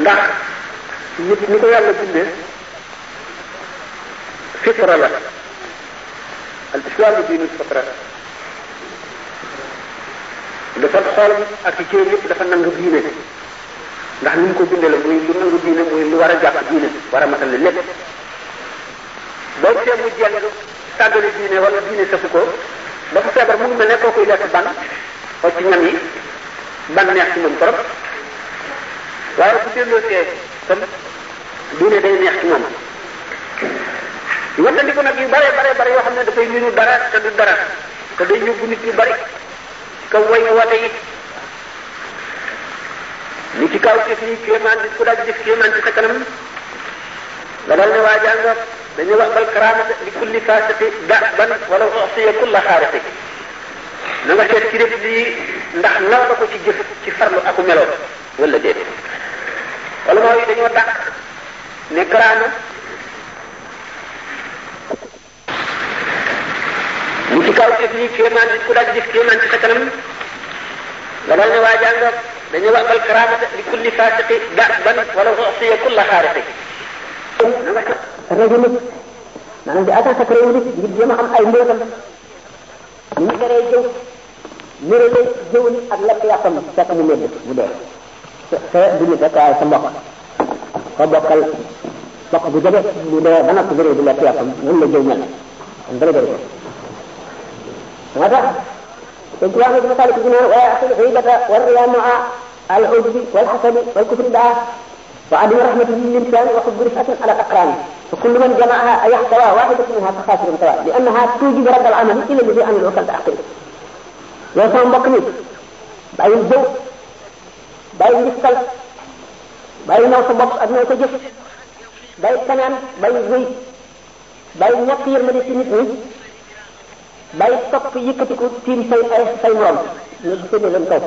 ndax nit ñi ko yàlla bindee fitra la al-islam diinul fatra dafa xoolam ak ci yëpp dafa nangu diine ndax ni mu ko bindee la muy lu nangu diine muy lu war a jàpp diine war a matal lépp boo see mu jàng sàggale diine wala diine safu ko ba feebar mu ngi mel ne kookuy lekk ban xool ci ñam yi ban neex ci moom trop waaye bu delloo see diine day neex ci moom wattandiku nag yu bare bare bare yoo xam ne dafay niru dara te du dara te day yóbbu nit yu bari kaw way woote it li ci kaw gis nii kéemaan gis ku daal gis kéemaan ci sa kanam nga dal ne waa jàngoor wax bal karaamata li wala uxsiya kulla xaarati na nga seet ndax naw na ko ci jëf ci farlu aku meloo wala déet ne karaama kaw suuf yi kéemaan nit ku daal di gis kéemaan ci sa kanam nga doon ne waa jàngoog dañuy wax bal karaamata li kulli faasiqi ban wala usiya kulla xaariqi. rajo nit maanaam di attaque réew nit ngir jéem a xam ay mbóotam. ñu teree jëw nirale jëw nit ak lekk yàppam fekk mu medd mu dee. te te du nit rek waaye sa mbokk ko bokkal mbokk bu jege mu dee ba noppi bëri di lekk yàppam noonu la jëw mel na kon bëri bëri ko. moo tax sëñ Tuubaa ne dina salik dina waaye asul xibata war riyaa maa al ujbi wal xasadi wal kufri daa wa adima rahmati lil insani wa xubbu rifatin ala aqran fa kullu man jamaaha ay yaxtawa waxidat minha fa xaasirun sawa li annaha tujibu radd al amali ila alladi amilu kal taqib loolu sama mbokk mi bàyyil jëw bàyyil ngistal bàyyil naw sa bopp ak naw sa jëf bàyyil kanaan bàyyil wéy bàyyil ñàkk yërmande ci nit ñi bàyyi topp yëkkatiku tiim say ay say morom nga gisee leen kaw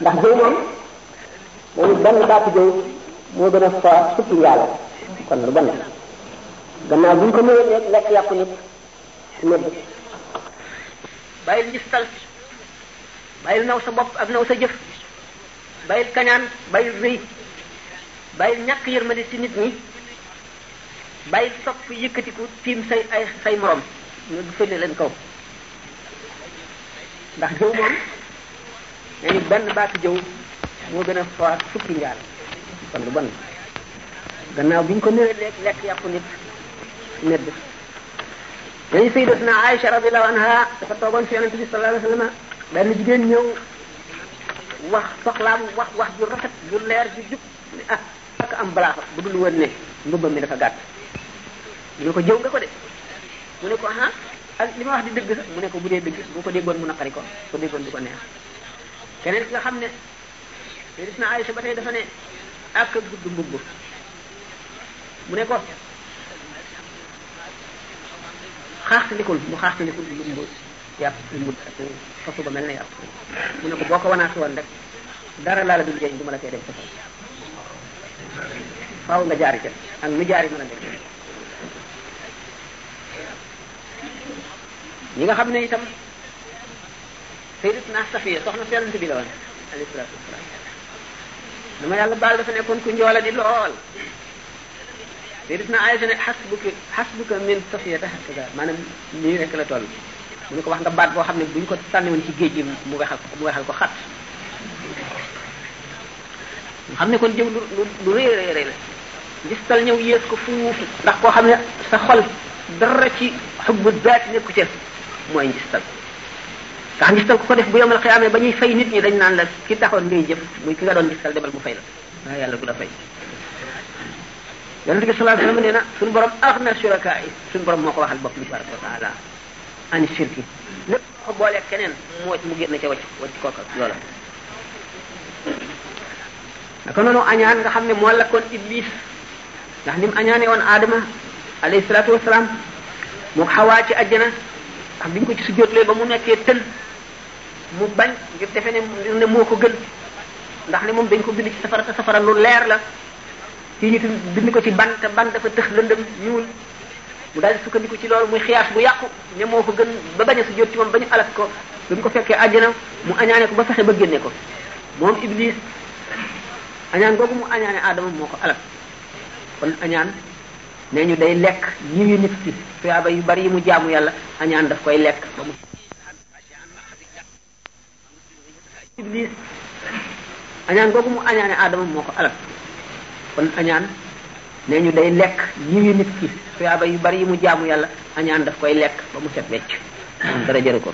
ndax jëw moom moom moo gën a fort fukki njaalo kon lu bon la gannaaw bu ñu ko mënee rek lekk yàqu nit bàyyil ngistal bàyyil naw sa bopp ak naw sa jëf bàyyil kañaan bàyyil rëy bàyyil ñàkk yërmande ci nit ñi bàyyil topp yëkkatiku tiim say ay say morom ñu féete leen kaw ndax jëw moom dañu benn baatu jëw moo gën a faat fukki njaal kon lu bon gannaaw bi ñu ko néree lekk lekk yàqu nit nedd dañu sayyidatuna Aïcha radiyallahu anha dafa toogoon fi yonente bi sallallahu alayhi wa sallam benn jigéen ñëw wax soxlaam wax wax ju rafet ju leer ju jub ne ah ak am balaa fa bu dul woon ne mbubbam mi dafa gàtt ñu ko jëw nga ko de mu ne ko ah, ah ak li ma wax di dëgg sax mu ne ko bu dee dëgg bu ko déggoon mu naqari ko bu ko déggoon du ko neex keneen ki nga xam ne gis na Aïcha ba tey dafa ne ak gudd mbubb mu ne ko xaaxtalikul mu xaaxtalikul lumbu yàpp lumbu fasu ba mel na yàpp mu ne ko boo ko wanaatu woon rek dara laa la dul jëriñ du ma la koy dem sa faaw nga jaari ak nu jaari mën a def ñi nga xam ne itam sayyidatuna Safiya soxna si yonent bi la woon alayhi salaatu wasalaam dama yàlla baal dafa nekkoon ku njoola di lool sayyidatuna Aisha ne hasbuka hasbuka min Safiya hakaza la toll mu ne ko wax nga baat boo xam ne bu ñu ko sànniwoon ci géej gi mu wexal mu wexal ko xat nga xam ne kon jëw lu lu rëy rëy rëy la gis ko fuufu ndax koo xam ne sa xol dara ci xubbu daat nekku ca mooy njistal ndax njistal ku ko def bu yomal xiyaamee ba ñuy fay nit ñi dañ naan la ki taxoon ngay jëf muy ki nga doon njistal demal mu fay la waaye yàlla du la fay yonente bi sallallahu alayhi wasallam nee na suñu borom aghna shuraka yi suñu borom moo ko waxal boppam tabaraka wa taala ani shirki i ko boolee keneen mu mu génn ca wacc wacc kooka loola añaan nga xam ne moo lakkoon iblis ndax ni mu añaane woon aadama alayhi salaatu wasalaam mu xawaa bi biñ ko ci sujjóotlee ba mu nekkee tël mu bañ ngir defe ne ngir ne moo ko gën ndax ne moom dañ ko bind ci safara te safara lu leer la kii ñu bind ko ci ban te ban dafa tëx lëndëm ñuul mu daal di sukkandiku ci loolu muy xiyaas bu yàqu ne moo ko gën ba bañ a sujjóot ci moom ba ñu alak ko bi mu ko fekkee àjjana mu añaane ko ba fexe ba génne ko moom iblis añaan googu mu añaane aadama moo ko alak kon añaan nee ñu day lekk yiwi nit ki tuyaaba yu bari mu jaamu yàlla añaan daf koy lekk ba añaan aadama moo añaan nee ñu day lekk yiwi nit ki tuyaaba yu bari yi mu jaamu yàlla añaan daf koy lekk ba mu set wecc ko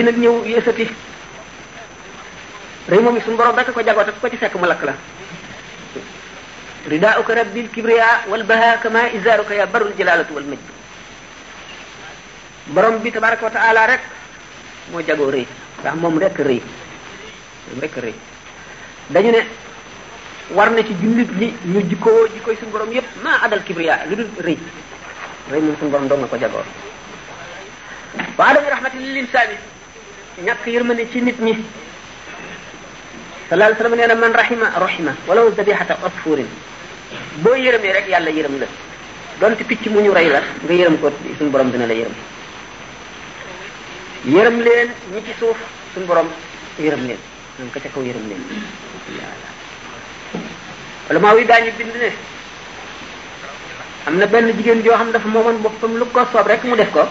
nag ñëw yéesati rëy moom i suñu borom rek ko jagoo ko ci fekk mu lakk la ridauka rabbil kibriya wal baha izaaruka ya barul jalaalatu wal majd borom bi tabaraka wa taala rek moo jagoo rëy ndax moom rek rek dañu ne war na ci jullit ñi ñu jikkoo jikkoy suñu borom yépp maa adal kibriya lu dul rëy rëy moom suñu borom doon na ko jagoo wa adami rahmatin lil insaani ñàkk ci nit ñi sallallahu alayhi wasallam nee na man rahima rahima walaw dabihata asfurin boo yërëmee rek yàlla yërëm la donte picc mu ñu rey la nga yërëm ko suñu dina la yërëm yërëm leen ñi ci suuf suñu borom yërëm leen ñoom ka ca kaw yërëm leen wala maa wi daañu bind am na benn jigéen joo xam dafa moomoon boppam lu ko soob rek mu def ko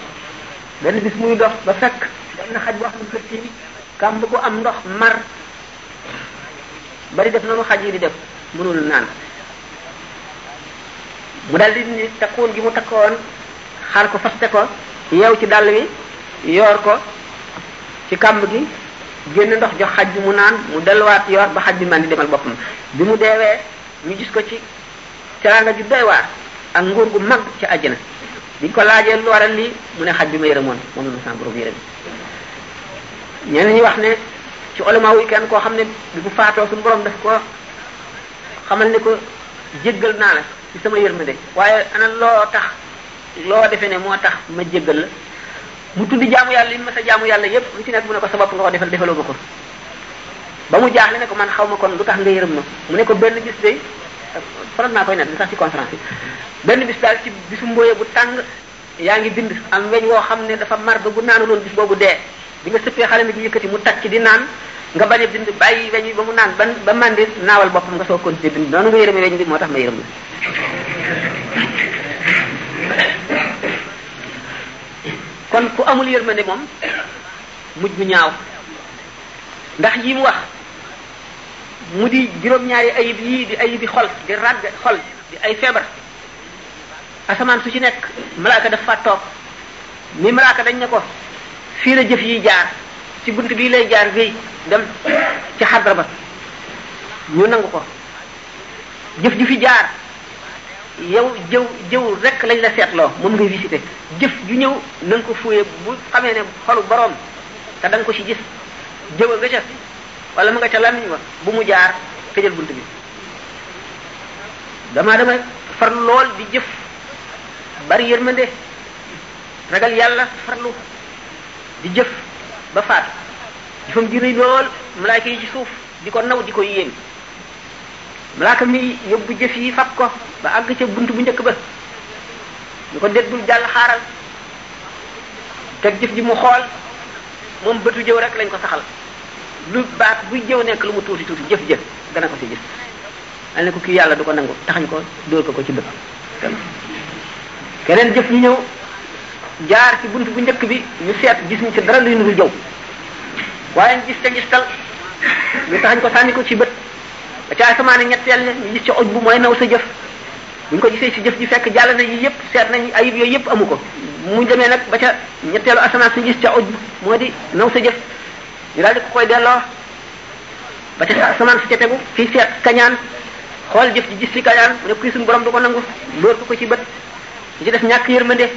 benn bis muy dox ba fekk benn xaj boo xam ne kër kàmb ko am ndox mar bari def na lu xaj yi di def mënul naan mu dal di gi mu takkoon xar ko faste ko yeew ci dàll wi yoor ko ci kàmb gi génn ndox jox xaj bi mu naan mu delluwaat yoor ba xaj bi man di demal boppam bi mu deewee ñu gis ko ci teraanga ju doy waar ak nguur gu mag ci na biñ ko laajee lu waral lii mu ne xaj bi ma yërëmoon moom la ma sama borom yërëm ñeneen ñi wax ne ci olama wuy kenn koo xam ne bi bu faatoo suñu borom daf ko xamal ne ko jëggal naa la ci sama yërmande waaye ana loo tax loo defe ne moo tax ma jëggal la mu tudd jaamu yàlla yi ma sa jaamu yàlla yépp lu ci nekk mu ne ko sa bopp nga ko defal defaloo ma ko ba mu jaaxle ne ko man xaw ma kon lu tax nga yërëm na mu ne ko benn bis day faral naa koy net sax ci conférence yi benn bis daal ci bisu mbooye bu tàng yaa ngi bind am weñ woo xam ne dafa mar ba bu naanu loon bis boobu dee bi nga sëppee xale mi di yëkkati mu takk ci di naan nga bañ a bind bàyyi weñ bi ba mu naan ba ba màndi naawal boppam nga soo continuer bind noonu nga yërëme weñ bi moo tax ma yërëm la kon ku amul yërmande moom mujj bu ñaaw ndax yi mu wax mu di juróom-ñaari ayib yii di ayibi xol di ràgg xol di ay feebar asamaan su ci nekk malaaka daf fa toog ni malaaka dañ ne ko fii la jëf yi jaar ci bunt bi lay jaar wéy dem ci xadra ba ñu nangu ko jëf ji fi jaar yow jëw jëw rek lañ la seetloo moom ngay visité jëf ju ñëw na ko fuye bu xamee ne xolu boroom te da ko ci gis jëwa nga ca wala mu nga ca lamiñ wa bu mu jaar tëjal bunt bi damaa dama farlu lool di jëf bari yërmande ragal yàlla farlu di jëf ba faatu jëfam ji rëy lool malaaka yi ci suuf di ko naw di ko yéem malaaka mi yóbbu jëf yi fab ko ba àgg ca bunt bu njëkk ba ñu ko déet bul jàll xaaral teg jëf ji mu xool moom bëtu jëw rek lañ ko saxal lu baat buy jëw nekk lu mu tuuti tuuti jëf jëf dana ko ci jëf al ne ko kii yàlla du ko nangu taxañ ko dóor ko ko ci bët keneen jëf ñu ñëw jaar ci bunt bu njëkk bi ñu seet gis ñu ci dara luy nuru jëw waaye ñu gis ca ngistal ñu taxañ ko sànni ko ci bët ba ca asamaane ñetteel ne ñu bu mooy naw sa jëf ñu ko gisee ci jëf ji fekk jàll na yi yëpp seet nañ ayib yooyu yëpp amu ko mu demee nag ba ca ñetteelu asamaan suñu gis ca oj moo di naw sa jëf ñu daal ko koy delloo ba ca asamaan su ca tegu fii seet kañaan xool jëf ji gis fi kañaan mu ne kuy suñu borom du ko nangu lóor ko ko ci bët ci def ñàkk yërmande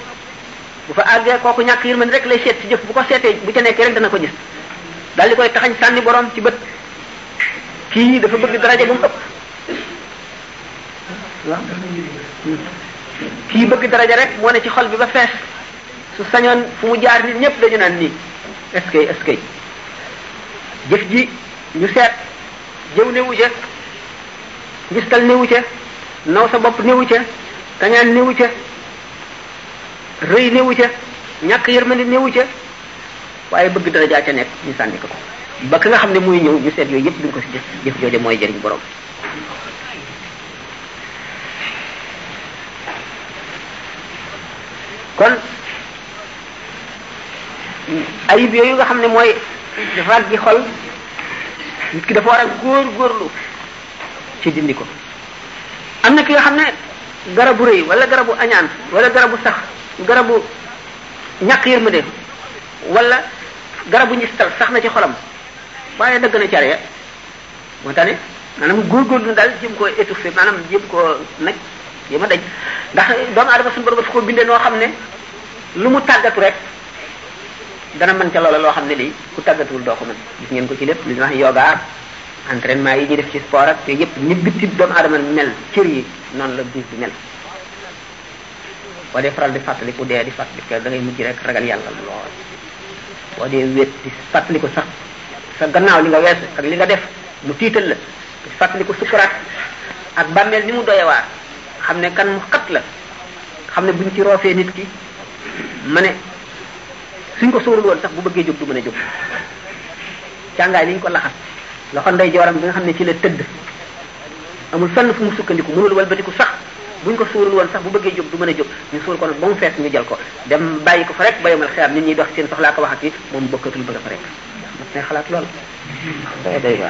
bu fa àggee kooku ñàkk yërmande rek lay seet ci jëf bu ko seetee bu ca nekkee rek dana ko gis daal di koy taxañ sànni borom ci bët kii dafa bëgg daraja bu mu ëpp kii bëgg daraja rek moo ne ci xol bi ba fees su sañoon fu mu jaar nit ñëpp lañu naan nii est-ce que est-ce que jëf ji ñu seet jëw newu ca ngistal newu ca naw sa bopp newu ca kañaan newu ca rëy néewu ca ñàkk yërmande néewu ca waaye bëgg darajaa ca nekk ñu sànni ko ko ba ka nga xam ne muy ñëw ñu seet yooyu yëpp duñ ko si jëf jëf jooje mooy jëriñ borom kon ayib yooyu nga xam ne mooy rag gi xol nit ki dafa war a góor góorlu ci dindi ko am na ki nga xam ne garabu rëy wala garabu añaan wala garabu sax garabu ñàkk de wala garabu njistal sax na ci xolam waaye dëgg na care moo tax góor góor góorgóorlu daal jéem ko étouffé maanaam jéem ko nag jéem ma daj ndax doomu aadama suñu borom dafa ko bindee noo xam ne lu mu tàggatu rek dana mën ca loola loo xam ne lii ku tàggatuwul doo ko mën gis ngeen ko ci lépp lu ñuy wax yoga entraînement yi ñuy def ci sport ak te yépp ni bitib doomu aadama mel cër yi noonu la biir bi mel boo dee faral di fàttaliku dee di fàttaliku da ngay mujj rek ragal yàlla lool boo dee wéet di fàttaliku sax sa gannaaw li nga wees ak li nga def mu tiital la di fàttaliku sukkuraat ak bàmmeel ni mu doyewaar xam ne kan mu xat la xam ne buñ ci roofee nit ki ma ne suñ ko sóorul woon sax bu bëggee jóg du mën a jóg càngaay ni ñu ko laxas loxo ndey jooram bi nga xam ne ci la tëdd amul fenn fu mu sukkandiku mënul walbatiku sax buñ ko suulul woon sax bu bëggee jóg du mën a jóg ñu suul ko nag ba mu fees ñu jël ko dem bàyyi ko fa rek ba yomal xiyaam nit ñi dox seen soxlaa ko wax ak yi moom bokkatul fa rek xalaat lool day day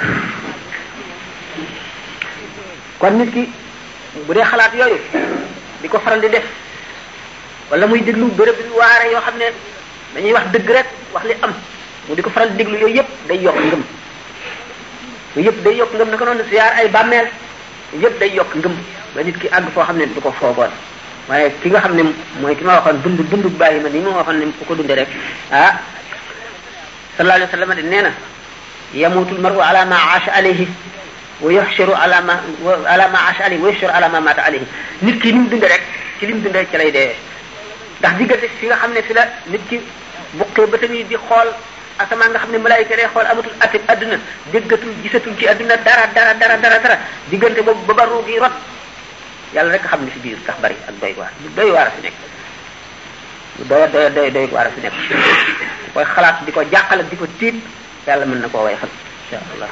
waar nit ki xalaat yooyu ko faral di def wala muy déglu bërëb waare yoo xam ne dañuy wax dëgg rek wax li am mu di ko faral di déglu yooyu yëpp day yokk ngëm yooyu yëpp day yokk ngëm naka noonu siyaar ay bàmmeel yëpp day yokk ngëm ba nit ki àgg foo xam ne du ko foogoon waaye ki nga xam ne mooy ki ma waxoon dund dundu bàyyi ma ni ma waxoon ne ku ko rek ah sallallahu alayhi wa sallam de nee na yamutul maru ala ma aasha alayhi wa yuhsharu ala ma ala ma aasha alayhi wa yuhsharu ala ma mata nit ki ni mu dundee rek ci li mu dundee ci lay dee ndax diggante fi nga xam ne fi la nit ki buqee ba tamit di xool asamaan nga xam ne malaayika day xool amatul atib adduna déggatul gisatul ci adduna dara dara dara dara dara diggante boobu ba ba ruug yi rot yàlla rek xam ne si biir tax bari ak doy waar lu doy waar a fi nekk lu doy doy doy doy waar fi nekk koy xalaat di ko jàqal ak di ko tiit yàlla mën na koo wayfal insha allah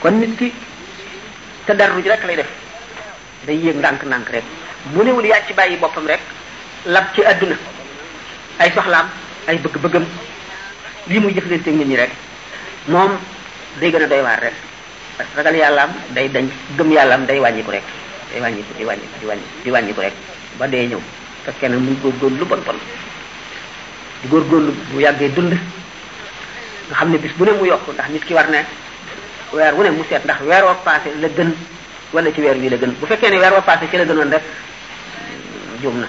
kon nit ki tadarruj rek lay def day yéeg ndànk-ndànk rek bu newul yaa ci bàyyi boppam rek lab ci adduna ay soxlaam ay bëgg-bëggam lii muy jëflante nit ñi rek moom day gën a doy waar rek ragal yàllaam day dañ gëm yàllaam day wàññiku rek day wàññiku di wàññiku di wàññiku di wàññiku rek ba dee ñëw parce que nag muy lu bon bon di bu yàggee dund nga xam ne bis bu ne mu yokk ndax nit ki war ne weer wu ne mu seet ndax weer wa la gën wala ci weer wi la gën bu fekkee ne weer wa passé ci la gënoon rek juum na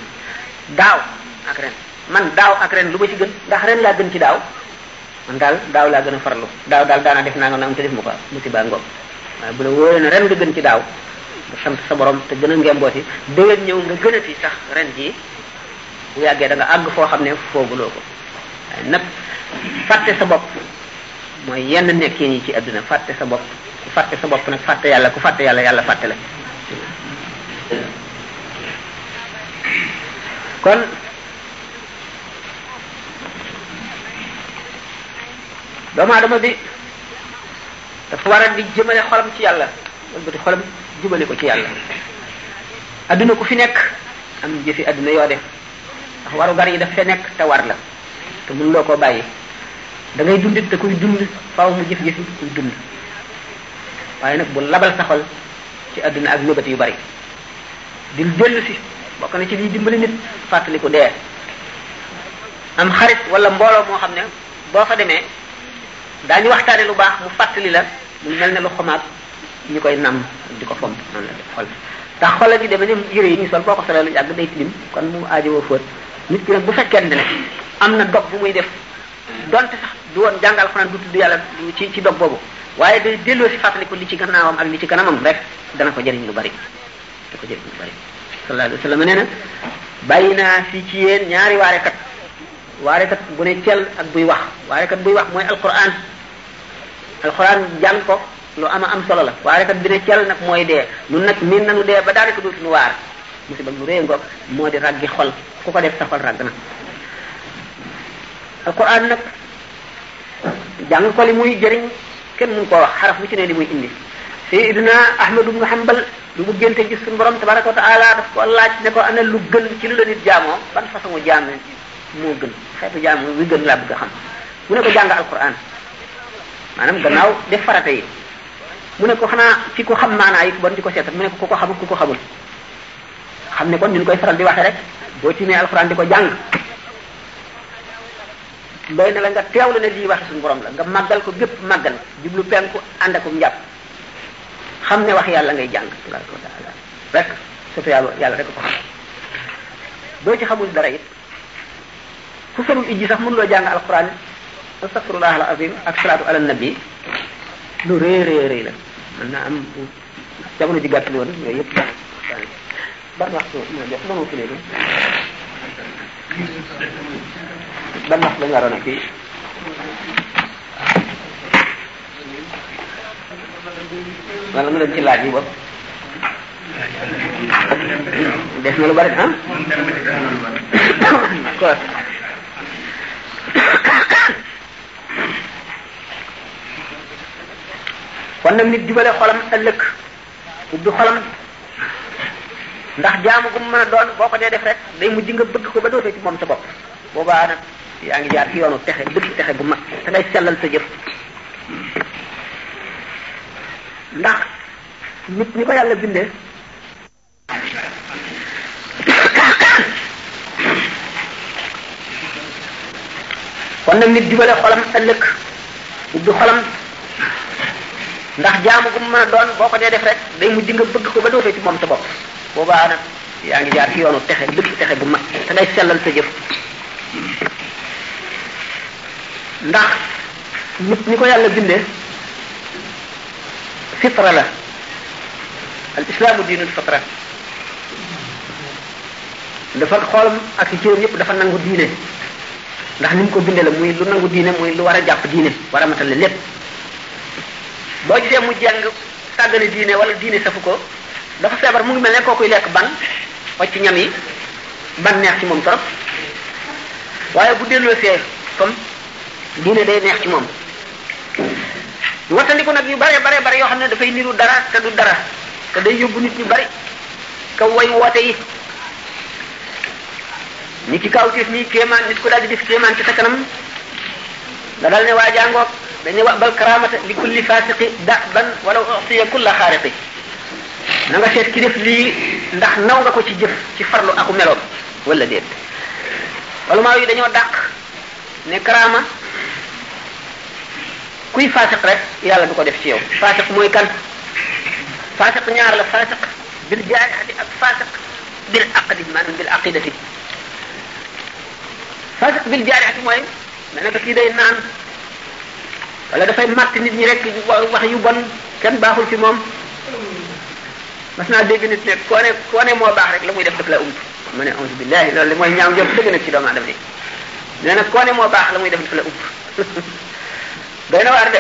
daaw ak ren man daaw ak ren lu ma ci gën ndax ren laa gën ci daaw man daal daaw laa gën a farlu daaw daal daanaa def naa nga am te def mu ko musiba ngoom waaye bu la wóoree ne ren nga gën ci daaw nga sa borom te gën a ngembooti déwén ñëw nga gën a sax ren jii bu yàggee da nga àgg foo xam ne fooguloo ko waaye nag fàtte sa bopp mooy yenn nekkin yi ci àdduna fàtte sa bopp ku fàtte sa bopp nag fàtte yàlla ku fàtte yàlla yàlla fàtte la kon doomu dama bi dafa war a di jëmale xolam ci yàlla wëlbati xolam ko ci yàlla adduna ku fi nekk am jëfi adduna yoo def ndax waru gar yi daf fee nekk te war la te mun loo koo bàyyi da ngay dund te kuy dund faaw mu jëf-jëfi kuy dund waaye nag bu labal sa xol ci adduna ak nëbët yu bari di dellu si bokk na ci liy dimbali nit fàttaliku dee am xarit wala mbooloo moo xam ne boo fa demee daañu waxtaane lu baax mu fàttali la muy mel ne lu xomaat ñu koy nam di ko fomp noonu la def xol ndax xola bi demee ne yére yi ñu sol boo ko solee lu yàgg day tilim kon mu aajowoo fóot nit ki nag bu fekkente ne am na dog bu muy def donte sax du woon jàngal xanaan du tudd yàlla ci ci dog boobu waaye day delloo si fàttaliku li ci gannaawam ak li ci kanamam rek dana ko jariñ lu bari dana ko jëriñ lu bari sallallahu alayhi na bàyyi naa fii ci yéen ñaari waarekat waarekat bu ne cel ak buy wax waarekat buy wax mooy alquran alxuraan jàng ko lu ama am solo la waaye kat dina cel nag mooy dee nun nag miin nanu dee ba daanaka dootuñu waar ba mu rëy ngoog moo di ràggi xol ko ko def sa xol ràgg na alxuraan nag jàng ko li muy jëriñ kenn mun koo wax xaraf ci ne li muy indi Sayyidina Ahmad ibn Hanbal lu mu génte gis suñu borom tabaraka wa taala daf ko laaj ne ko ana lu gën ci lu la nit jaamoo ban façon jaam moo gën xeetu jaam wi gën laa bëgg a xam mu ne ko jàng alquran maanaam gannaaw def farata yi mu ne ko xanaa ci ko xam maanaa yi bon di ko seetal mu ne ko ko xamul ku ko xamul xam ne kon ñu koy faral di waxee rek boo tiimee alxuraan di ko jàng doy na la nga la ne lii waxe suñu borom la nga màggal ko gépp màggal jublu penku ànd akum njàpp xam ne wax yàlla ngay jàng tabaraka wa taala rek surtout yàlla yàlla rek ko xam boo ci xamul dara it ku ferul ijji sax mënuloo jàng alxuraan astaghfirullah al azim ak salaatu ala nabi lu rëy rëy rëy la mën naa am jamono ji gàttul woon yooyu yëpp daal ban waxtu ma jox lan moo fi léegi ban waxtu la ñu waroon a fii wala nga dem ci laaj yi bopp def na lu bari ah kon kon nag nit jubale xolam ëllëg ubbi xolam ndax jaamu gu doon boo ko dee def rek day mujj nga bëgg ko ba dootoo ci moom sa bopp boobaa nag yaa ngi jaar ci yoonu texe bëgg texe bu mag te ngay sellal sa jëf ndax nit ñi ko yàlla bindee kon nag nit jubale xolam ëllëg ubbi xolam ndax jaamu gu mu mën doon boo ko dee def rek day mujj nga bëgg ko ba dootoo ci moom sa bopp boobaa nag yaa ngi jaar yoonu texe bépp texe bu mag te day sellal sa jëf ndax nit ñi ko yàlla bindee fitra la al islaamu diinul fitra dafa xolam ak ci cëram yëpp dafa nangu diine ndax ni mu ko bindee la muy lu nangu diine muy lu war a jàpp diine war a matale lépp boo gisee mu jàng sàggane diine wala diine safu ko dafa feebar mu ngi mel ne koy lekk ban ci ñam yi ban neex ci moom trop waaye bu delloosee comme diine day neex ci moom wattandiku nag yu bare bare bare yoo xam ne dafay niru dara te du dara te day yóbbu nit yu bari ka woy woote yi ni ki kaw tiis nii ni nit ku daal di def kéemaan ci sa kanam nga ne waa jàngoog dañ ne wa bal karamata li kulli fasiqi da ban wala usiya kulla xaariqi na nga seet ki def lii ndax naw nga ko ci jëf ci farlu aku meloom wala déet wala maa yi dañoo dàq ne karama kuy fasiq rek yàlla du ko def ci yow fasiq mooy kan fasiq ñaar la fasiq bil jaarihati ak fasiq bil aqidati fasiq bil jaariati mooy mel na kii day naan wala dafay nit ñi rek wax yu bon kenn baaxul fi moom mas naa dégg nit ne koo ne koo moo baax rek la muy def daf la ump ma ne auzu billahi loolu mooy ñaaw njort dëgg nag ci doomu aadama yi nee na koo ne moo baax la muy def daf la ump doy na waar de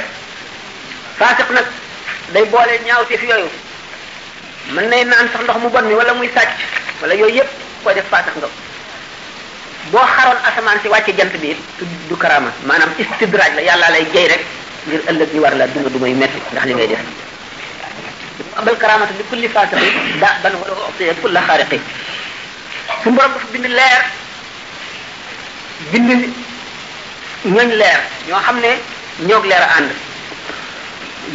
fasiq nag day boole ñaaw ci fi yooyu mën nay naan sax ndox mu bon mi wala muy sàcc wala yooyu yëpp koo def fasiq nga boo xaroon asamaan si wàcce jant bi du karaama maanaam istidraaj la yàllaa lay jey rek ngir ëllëg ñu war la duma duma yu metti ndax li ngay def abal karaamata li kulli faasiqi da ban wala oxtiye kulla xaariqi su borom dafa bind leer bind ñooñ leer ñoo xam ne ñoog leer a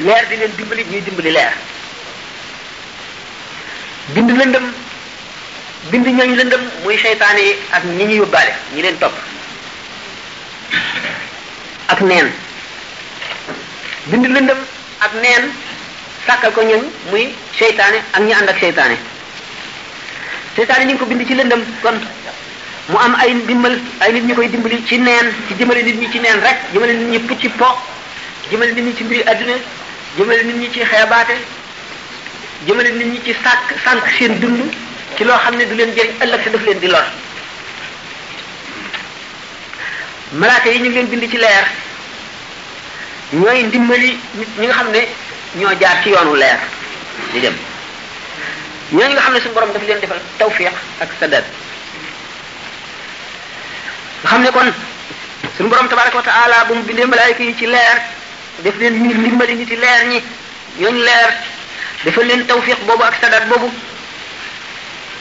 leer di leen dimbali ñuy dimbali leer bind lëndëm bind ñooñ lëndëm muy seytaane yi ak ñi ñu yóbbaale ñi leen topp ak neen bind lëndëm ak neen sàkkal ko ñooñ muy seytaane ak ñi ànd ak seytaane seytaane ñu ngi ko bind ci lëndëm kon mu am ay dimbal ay nit ñu koy dimbali ci neen ci jëmale nit ñi ci neen rek jëmale nit ñi pucc pok jëmale nit ñi ci mbiri àdduna jëmale nit ñi ci xeebaate jëmale nit ñi ci sàkk sànk seen dund ci loo xam ne du leen jëriñ ëllëg si daf leen di lor malaaka yi ñu leen bind ci leer ñooy ndimbali ñi nga xam ne ñoo jaar ci yoonu leer di dem ñooñu nga xam ne suñu borom daf leen defal tawfiq ak sadad nga xam ne kon suñu borom tabaraka wa taala bu mu bindee malaayika yi ci leer def leen ndimbali nit yi leer ñi ñooñu leer defal leen tawfiq boobu ak sadad boobu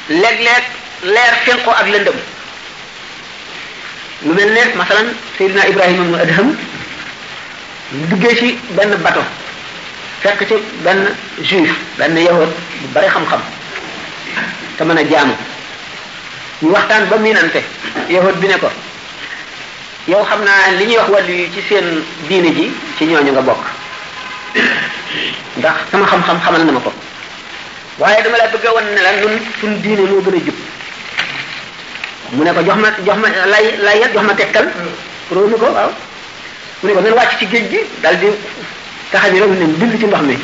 léeg-léeg leer ko ak lëndëm lu mel ne masalan Seydina Ibrahima mu Adham mu ci benn bato fekk ci benn juif benn yahud bu bari xam-xam te mën a jaamu ñu waxtaan ba miinante yahud bi ne ko yow xam naa li ñuy wax wàllu yi ci seen diine ji ci ñooñu nga bokk ndax sama xam-xam xamal na ma ko waaye dama la bëgg a wan ne la ñun suñu diine moo gën a mu ne ko jox ma jox ma layal jox ma tegtal. ko waaw mu ne ko nan wàcc ci géej gi dal di taxa bi rek ne bind ci ndox mi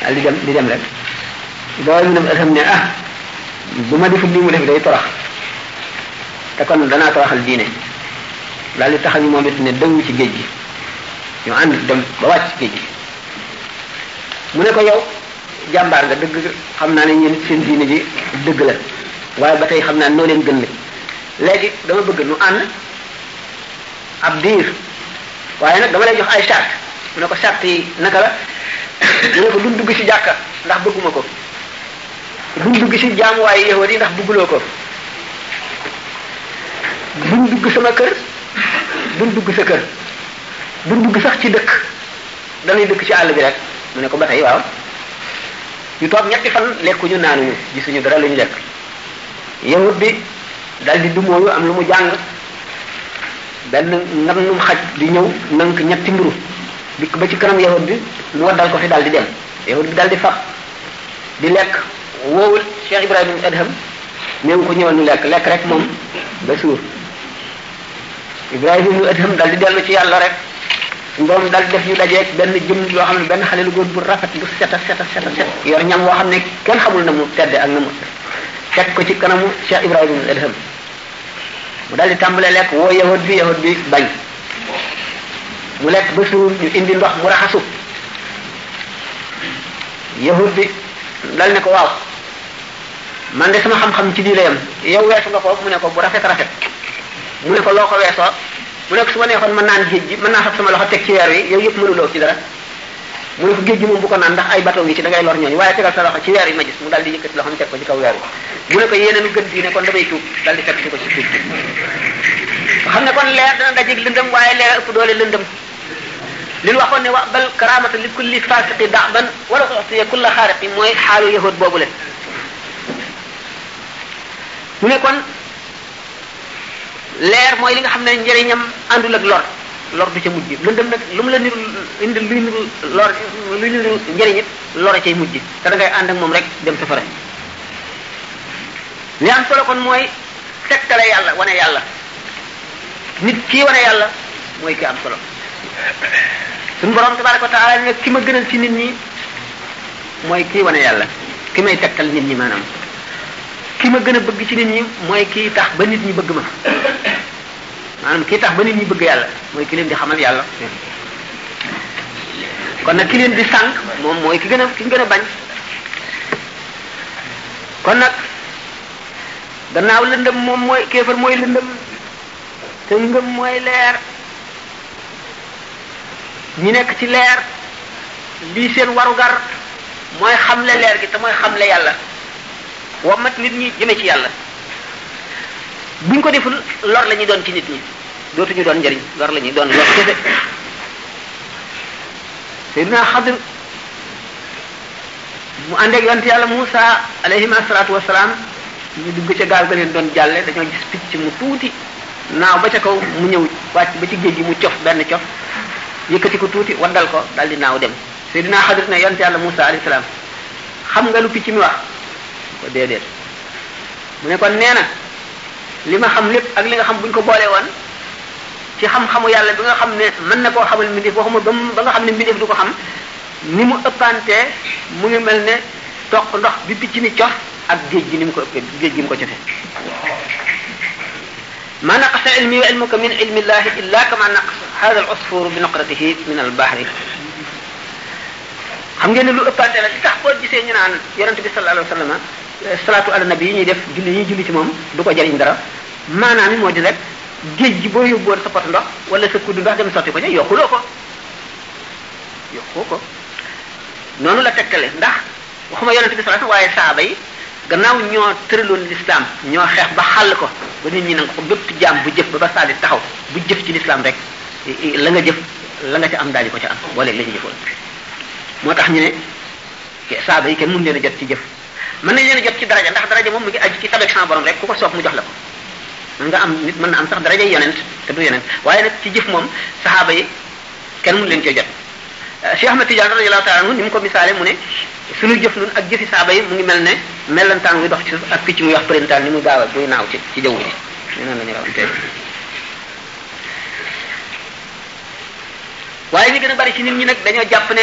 dal di dem di dem rek loolu ñu ne ah, mu def day torox te kon danaa toroxal diine daal di taxa bi moom it ne dëngu ci géej gi ñu ànd ba wàcc ci géej mu ne ko yow jàmbaar nga dëgg xam naa ne ñeen seen diine ji dëgg la waaye ba tey xam naa noo leen gën ne léegi dama bëgg nu ànd ab diir waaye nag dama lay jox ay charte mu ne ko charte yi naka la mu ne ko duñ dugg ci jàkka ndax bëgguma ko buñ dugg ci jaamuwaayu yahud yi ndax bëgguloo ko buñ dugg sama kër buñ dugg sa kër buñ sax ci dëkk dañuy dëkk ci àll bi rek mu ne ko ba tey waaw ñu toog ñetti fan lekkuñu naanuñu gisuñu dara lu ñu lekk yahut bi dal di dumóoyu am lu mu jàng benn ngannum xaj di ñëw nank ñetti mburu dikk ba ci kanam yahut bi mu waddal ko fi dal di dem yahut bi dal di fab di lekk woowul Cheikh Ibrahim Adham néew ko ñëwal ñu lekk lekk rek moom ba suur Ibrahim Adham dal di dellu ci yàlla rek suñu borom daal def ñu dajeeg benn jëm yoo xam ne benn xale lu góor bu rafet bu set a set a set ñam woo xam ne kenn xamul na mu tedde ak na mu fekk ko ci kanamu Cheikh Ibrahima Adham mu daal di tàmbalee lekk woo yahut bi yahut bi bañ mu lekk ba suur indi ndox mu raxasu yahut bi dal ne ko waaw man de sama xam-xam ci diine yam yow weesu nga ko mu ne ko bu rafet rafet mu ne ko loo ko weesoo mu nekk su ma neexoon mën naan géej gi mën naa xat sama loxo teg ci weer wi yooyu yëpp mënuloo ci dara mu ne ko géej gi bu ko naan ndax ay batoo ngi ci da ngay lor ñooñu waaye tegal sa loxo ci weer yi ma gis mu daal di yëkkati loxoom teg ko ci kaw weer wi mu ne ko yéeneenu gën di ne kon damay tuub daal di fekk ko ci géej gi xam ne kon leer dana dajeeg lëndëm waaye leer ëpp doole lëndëm li ñu waxoon ne wa bal karamata li kulli fasiqi da'ban wala u'tiya kulla xaariqi mooy xaalu yahud boobu le mu ne leer mooy li nga xam ne njëriñam àndul ak lor lor du ca mujj lëndëm nag lu mu la niru indi luy niru lor luy niru lor a mujj te da ngay ànd ak moom rek dem safara li am solo kon mooy tegtale yàlla wane yàlla nit kii wane yàlla mooy ki am solo suñu borom tabaraka wa taala ne ki ma gënal ci nit ñi mooy kii wane yàlla ki may tekkal nit ñi maanaam ki ma gën a bëgg ci nit ñi mooy kii tax ba nit ñi bëgg ma maanaam kii tax ba nit ñi bëgg yàlla mooy ki leen di xamal yàlla kon nag ki leen di sànq moom mooy ki gën a ki gën a bañ kon nag gannaaw lëndëm moom mooy kéefar mooy lëndëm te ngëm mooy leer ñu nekk ci leer lii seen warugar mooy xam xamle leer gi te mooy xamle yàlla wommat nit ñi jëme ci yàlla buñ ko deful lor la ñuy doon ci nit ñi dootuñu doon njariñ lor la ñuy doon lor kese Seydina Xadir mu ànd ak yàlla Muusa alayhim asalaatu wasalaam ñu dugg ca gaal ga leen doon jàlle dañoo gis picc mu tuuti naaw ba ca kaw mu ñëw wàcc ba ci géej gi mu cof benn cof yëkkati ko tuuti waddal ko daal di naaw dem Seydina Xadir ne yonte yàlla Muusa alayhi salaam xam nga lu picc mi wax ko déedéet mu ne kon nee na li ma xam lépp ak li nga xam bu ñu ko boolee woon ci xam-xamu yàlla bi nga xam ne man na koo xamal mbindeef waxuma ba ba nga xam ne mbindeef du ko xam ni mu ëppantee mu ngi mel ne toq ndox bi picc ni cof ak géej gi ni mu ko ëppee géej gi ko cofe ma naqasa ilmi wa ilmuka min ilmi illahi illa kama naqasa hada al usfur bi noqratihi min al xam ngeen ne lu ëppante la li tax boo gisee ñu naan yonente bi sallallahu alayhi wa salaatu ala nabi yi ñuy def julli yi ñuy julli ci moom du ko ñu dara maanaam yi moo di rek géej gi boo yóbbuwoon sa pot ndox wala sa kuddu ndox dem sotti ko ca yokkuloo ko yokkoo ko noonu la tekkale ndax waxuma yonente bi sallallahu alayhi waaye saaba yi gannaaw ñoo tëraloon l'islam ñoo xeex ba xàll ko ba nit ñi nangu ko bépp jaam bu jëf ba ba saali taxaw bu jëf ci l'islam rek la nga jëf la nga ci am daal di ko ci am booleeg la ñu jëfoon moo tax ñu ne saaba yi kenn mun leen a jot ci jëf mën nañ leen a jot ci daraja ndax daraja moom mu ngi aju ci tabeeg sama borom rek ku ko soob mu jox la ko mën nga am nit mën na am sax daraja yonent te du yonent waaye nag ci jëf moom saxaaba yi kenn mënu leen cee jot euh, Cheikh Ahmed Tidiane radiyallahu ta'ala anhu ni ko misaale mu ne suñu jëf nun ak jëfi saxaaba yi mu ngi mel ne mellantaan muy dox ci suuf ak picc muy wax përintaan ni muy gaaw naaw ci ci jaww ji noonu la ñu rawante waaye ñu gën a bari ci nit ñi nag dañoo jàpp ne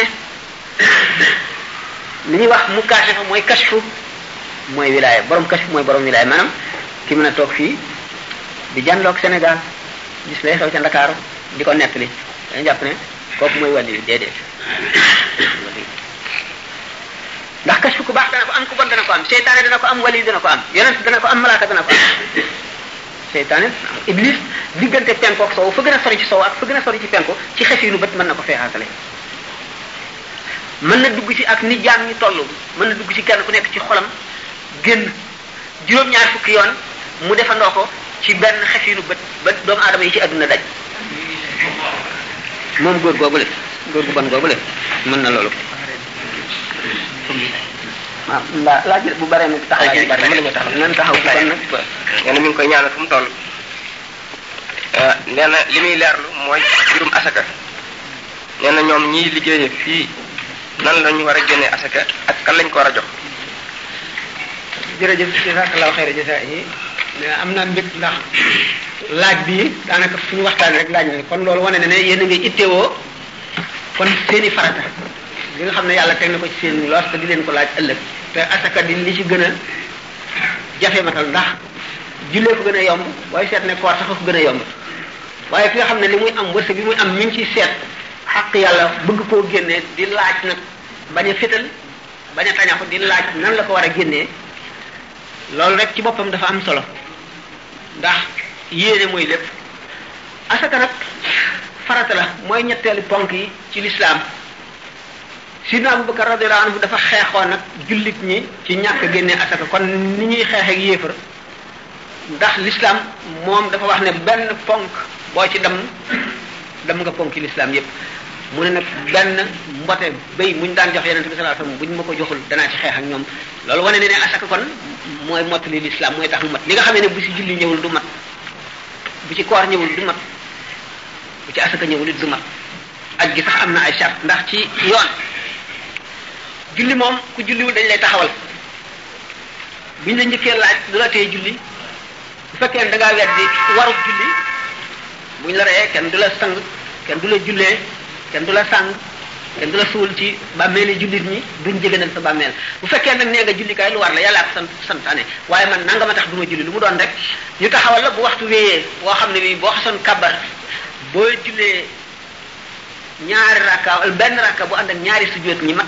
li ñuy wax mu kaashe fa mooy kashfu mooy wilaaya borom kashf mooy borom wilaaya maanaam ki mën a toog fii di janloog Sénégal gis lay xew ca Ndakaaru di ko nettali dañu jàpp ne kooku mooy wàllu yu déedéet ndax kashf ku baax dana ko am ku bon dana ko am seytaane dana ko am wali dana ko am yonent dana ko am malaaka dana ko am seytaane iblis diggante penku ak sow fa gën a sori ci sow ak fa gën a sori ci penku ci xef yi nu bët mën na ko feexaatale mën na dugg ci ak ni jaam ñi toll mën na dugg ci kenn ku nekk ci xolam génn juróom-ñaar fukki yoon mu defandoo ko ci benn xefinu bët ba doomu aadama yi ci àdduna daj moom góor googu le góor gu bon googu le mën na loolu waaw la laaj bu bare nag taxaw ci bare taxaw nan nag nee ngi koy ñaanal fu mu toll euh, nee na li muy leerlu mooy juróom asaka nee na ñoom ñi liggéeye fii nan la ñu war a génnee asaka ak kan lañ ko war a jox jërëjëf jazakallahu xayra jaza yi euh, am naa mbég ndax laaj bi daanaka suñu waxtaan rek laaj na kon loolu wane na ne yéen a ngi ittewoo kon seeni farata li nga xam ne yàlla teg na ko ci seen loos te di leen ko laaj ëllëg te asaka di li ci gën a jafe matal ndax jullee ko gën a yomb waaye seet ne koor sax ko gën a yomb waaye fi nga xam ne li muy am wërsëg bi muy am mi ngi ciy seet xaq yàlla bëgg koo génnee di laaj nag bañ a fétal bañ a tañaxu di laaj nan la ko war a génnee loolu rek ci boppam dafa am solo ndax yéene mooy lépp asaka nag farata la mooy ñetteelu ponk yi ci lislaam sidna abubakar radiyallahu anhu dafa xeexoon nag jullit ñi ci ñàkk génne asaka kon ni ñuy xeex ak yéefar ndax lislaam moom dafa wax ne benn ponk boo ci dem dem nga ponk ci lislaam yépp mu ne nag benn mbote béy ñu daan jox yonent bi sallallahu alayhi wasallam buñ ma ko joxul danaa ci xeex ak ñoom loolu wane ne ne asaka kon mooy mottali l'islam mooy tax mu mat li nga xamee ne bu ci julli ñëwul du mat bu ci koor ñëwul du mat bu ci asaka ñëwul du mat ak gi sax am na ay charte ndax ci yoon julli moom ku julliwul dañ lay taxawal buñ la njëkkee laaj lu la tee julli bu fekkee ne da ngaa weddi warut julli buñ la reyee kenn du la sang kenn du la jullee kenn du la sàng kenn du la suul ci bàmmeeli jullit ñi duñ jégganal sa bàmmeel bu fekkee nag nee nga jullikaay lu war la yàlla ak sant sant santaane waaye man nanga ma tax du ma julli lu mu doon rek ñu taxawal la bu waxtu wéyee boo xam ne bii boo xasoon kabar boo jullee ñaari rakka benn rakka bu ànd ak ñaari sujjóot ñi ma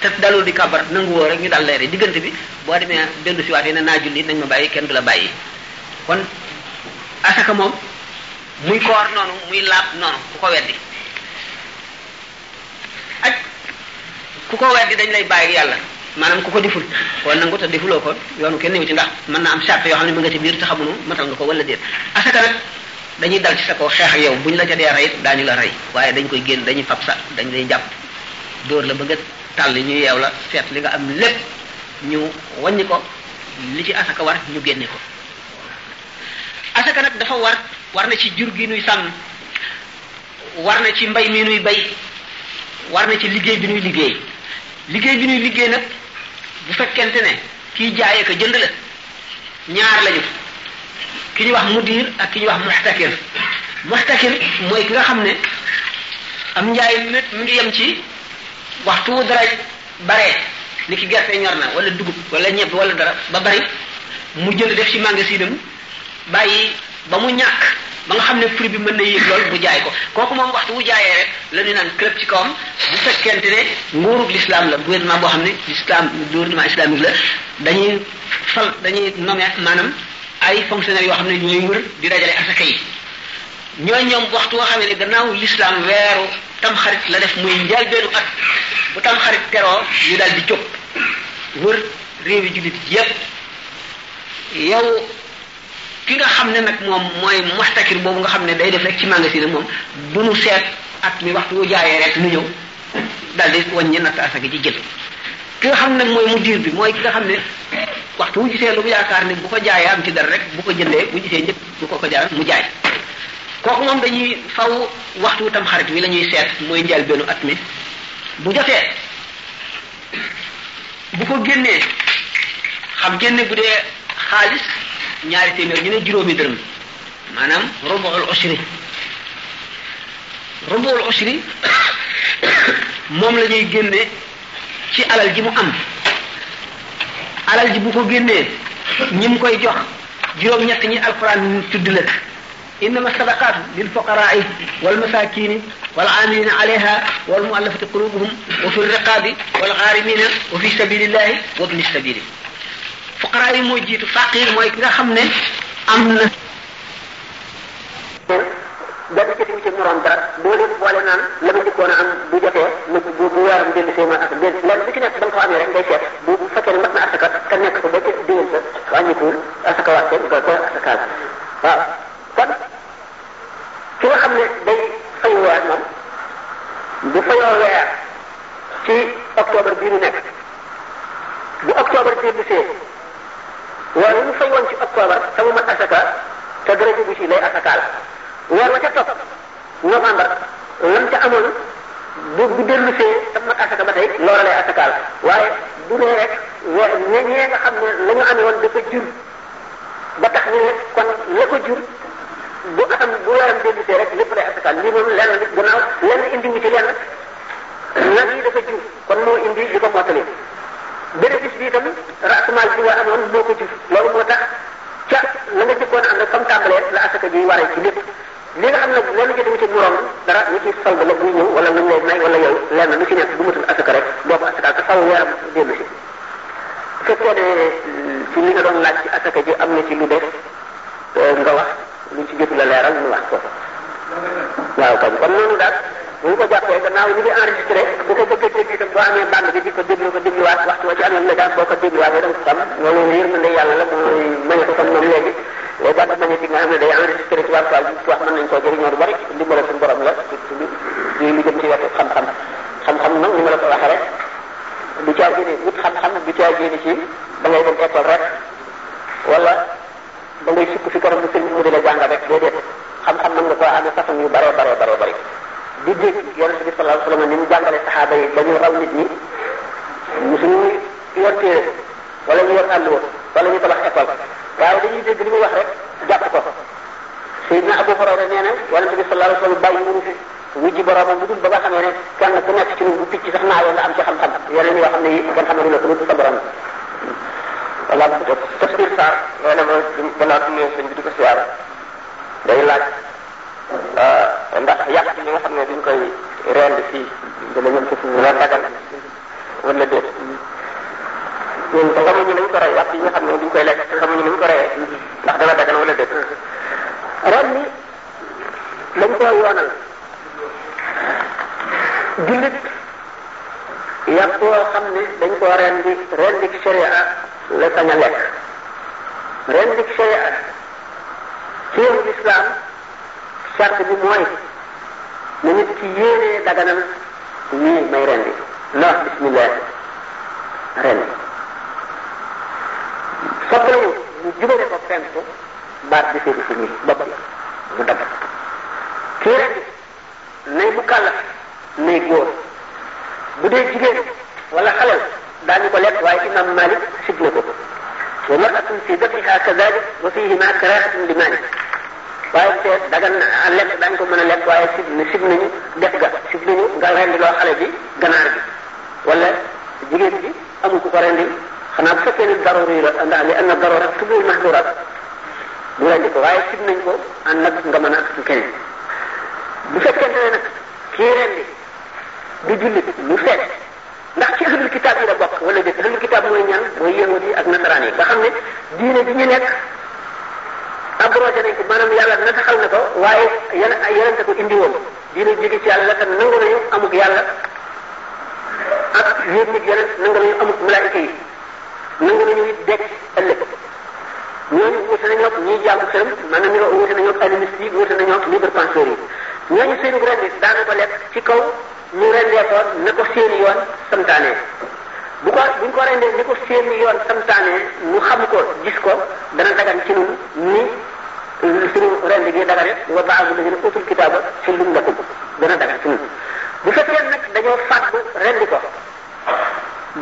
te daloo di kabar nangu woo rek ñu dal leer diggante bi boo demee dellu siwaatee ne naa julli nañ ma bàyyi kenn du la bàyyi kon asaka moom muy koor noonu muy laab noonu ku ak ku ko weddi dañ lay bàyyi yàlla maanaam ku ko deful wala nangu te defuloo ko yoonu kenn ñëw ci ndax mën naa am sàppe yoo xam ne mu nga ci biir te xamuñu matal nga ko wala déet asaka nag dañuy dal ci sa kaw xeex ak yow buñ la ca dee rey daañu la rey waaye dañ koy génn dañuy fab sa dañ lay jàpp dóor la ba nga tàll ñu yeew la seet li nga am lépp ñu wàññi ko li ci asaka war ñu génnee ko asaka nag dafa war war na ci jur gi nuy sàmm war na ci mbey mi nuy bay war na ci liggéey bi ñuy liggéey liggéey bi ñuy liggéey nag bu fekkente ne kiy jaayee ko jënd la ñaar lañu ki ñuy wax mu mudir ak ki ñuy wax muxtakir muxtakir mooy ki nga xam ne am njaay mét mu ngi yem ci waxtu dara bare ni ki gerte ñor na wala dugub wala ñebe wala dara ba bari mu jënd def ci magasinam bàyyi ba mu ñàkk ba nga xam ne prix bi mën na yéeg lool bu jaay ko kooku moom waxtu bu jaayee rek la ñu naan club ci kawam bu fekkente ne nguurug l'islam la gouvernement boo xam ne l'islam gouvernement islamique la dañuy fal dañuy nommer ay fonctionnaires yoo xam ne ñooy wër di dajale asaka yi ñooy ñoom waxtu boo xamee ne gannaaw l'islam weeru tamxarit la def muy njëlbeenu at bu tamxarit teroo ñu daal di jóg wër réew jullit yépp yow ki nga xam ne nag moom mooy muxtakir boobu nga xam ne day def rek ci magasin moom du nu seet at mi waxtu wu jaayee rek mu ñëw daal di wàññi natt asaka ji jël ki nga xam ne mooy mu diir bi mooy ki nga xam ne waxtu wu gisee lu mu yaakaar ne bu ko jaayee am ci dara rek bu ko jëndee bu gisee njëkk bu ko ko jaay mu jaay kooku moom dañuy faw waxtu tam xarit wi la ñuy seet mooy njëlbeenu at mi bu jotee bu ko génnee xam génne bu dee xaalis ñaari téeméer ñu ne juróomi dërëm maanaam rubuul usri rubuul usri moom la ñuy génne ci alal ji mu am alal ji bu ko génnee ñi mu koy jox juróom-ñett ñi alquran tudd la innama sadaqaatu lil fuqaraai wal masakini wal amilina alayha wal muallafati qulubuhum wa fi riqabi wal gharimina wa fi sabilillahi wa ibni sabili fuqaraa yi moo jiitu faqiir mooy ki nga xam ne am na. benn ci ci moroom dara boo leen naan la ma njëkkoon a am bu jotee bu weeram dellu see ma ak déet lenn nekk ko amee rek day seet bu fekkee ne mat na asaka ka nekk ko ba ca déwén sa wàññikuwul asaka waat ko ko asakaal waaw kon ki nga xam ne day fayu weer moom bu fayoo weer ci octobre bii ñu nekk bu octobre dellu see war wu ñu fay ci octobre te mu mat asaka te dara dugg ci lay asakaal war wa ca topp novembre lam ca amoon bu bu dellu see te mu asaka ba tey loola lay asakaal waaye bu nee rek ñe ñee nga xam ne la ñu amee woon dafa jur ba tax ne kon la ko jur bu atam bu weeram dellu see rek lépp lay asakaal lii moom lenn nit gannaaw lenn indi wu ci lenn nag yi dafa jur kon moo indi li ko mottali bénéfice bi itam raasumaal bi nga amoon moo ko jur loolu moo tax ca la nga jëkkoon am rek comme tàmbalee la asaka ji waree ci lépp li nga xam nag loolu jënd ci moroom dara la buy ñëw wala luñ lay nekk bu matul asaka rek doo ko asakaal te faw weeram dellu si bu fekkee ne mm, laaj ci asaka ji am na ci lu def euh, nga wax lu ci jëtu la leeral ñu wax ko waaw kon kon noonu daal bu ñu ko jàppee gannaaw ñu ngi enregistré bu ko bëggee dégg itam boo amee bande bi di ko déglu ko dégluwaat waxtu wa ci amee la daan boo ko dégluwaatee da nga ko xam loolu yërmande yàlla la mooy mañe ko comme moom léegi les bandes magnétiques nga xam ne day enregistré ci wàllu tool bi wax mën nañ koo jëriñoo lu bari ndimbala suñu borom la ci lu jëm ci wetu xam-xam xam-xam nag ni ma la ko waxee rek du caa génne wut xam-xam du caa génne ci da ngay dem école rek wala da ngay sukk fi borom bi sëñ mu di la jàngal rek déedéet xam-xam nag nga koo amee façon yu bare bare bare bari di dégg yonent bi sallallahu alayhi wasallam ni mu jàngale saxaaba yi ba ñu raw nit ñi musuñu yor téere wala ñu yor àlluwa wala ñu tabax école waaye dañuy dégg li mu wax rek jàpp ko Sayyidina Abu Hurayra nee na yonent bi sallallahu alayhi wasallam bàyyi mu fi wujji boromam bu dul ba nga xamee ne kenn ku nekk ci ñun bu picc sax naawoo nga am ci xam-xam yeneen yoo xam ne yi kenn xamadu la ko lu sa borom wala tafsir Sarr nee na ma gannaaw suñu sëñ bi di ko siyaara day laaj Euh, ndax yàq li nga xam ne duñ koy rend fii dina ñëw ci suñu weer dagal wala déet ñun xamuñu nañ ko rey yàq yi nga xam ne duñ koy lekk xamuñu nañ ko reyee ndax dana dañ koo yoonal jullit yàpp woo xam ne dañ koo rendi rendi ci sharia la sañ lekk rendi ci sharia ci yoonu lislaam sart bi mooy na ci yéenee daganal ñii may rendi la wax bismillah rendi soppalewut ñu jubale ko fenn ko baat bi seeti fi nii bopp bi mu dagg kii rendi nay bu kàllaf nay góor bu dee jigéen wala xalal daañu ko waaye imam malik sib na ko wa mar'atun fi dabiha kadalik wa fiihima karahatun malik waaye te daga na lekk dañ ko mën a lekk waaye sib na sib nañu def ga sib nañu nga rendi loo xale bi ganaar bi wala jigéen bi amu ku ko rendi xanaa bu fekkee ni daruri la ndax li am na darura tubul mahdurat ñu ko waaye sib nañ ko ànd nag nga mën a ak keneen bu fekkente ne nag kii rendi du jullit lu seet ndax ci ahlul kitaab yi la bokk wala déet kitaab mooy ñan mooy yahudi yi ak nasaraan yi nga xam ne diine bi ñu nekk abrogé nañ ko maanaam yàlla nataxal na ko waaye yene yenente ko indi woon diina yàlla te nangu nañu amuk yàlla ak yéeg nit yeneen nangu nañu amuk malaayika yi nangu nañu it dekk ëllëg ñooñu ñu nañoo ak ñiy jaamu xërëm maanaam ñu wuute nañoo ak animiste yi wuute nañoo ñu libre penseur yi ñooñu seenu rendi lekk ci kaw ñu rendee ko na ko seen yoon santaane bu ko bu ñu ko rendee ni ko seen yoon santaane mu xam ko gis ko dana dagan ci ñun ni euh, suñu rend gi dagane wa ba'du llazina utul kitaaba hillun lakum dana dagan ci ñun bu fekkee nag dañoo fàggu rendi ko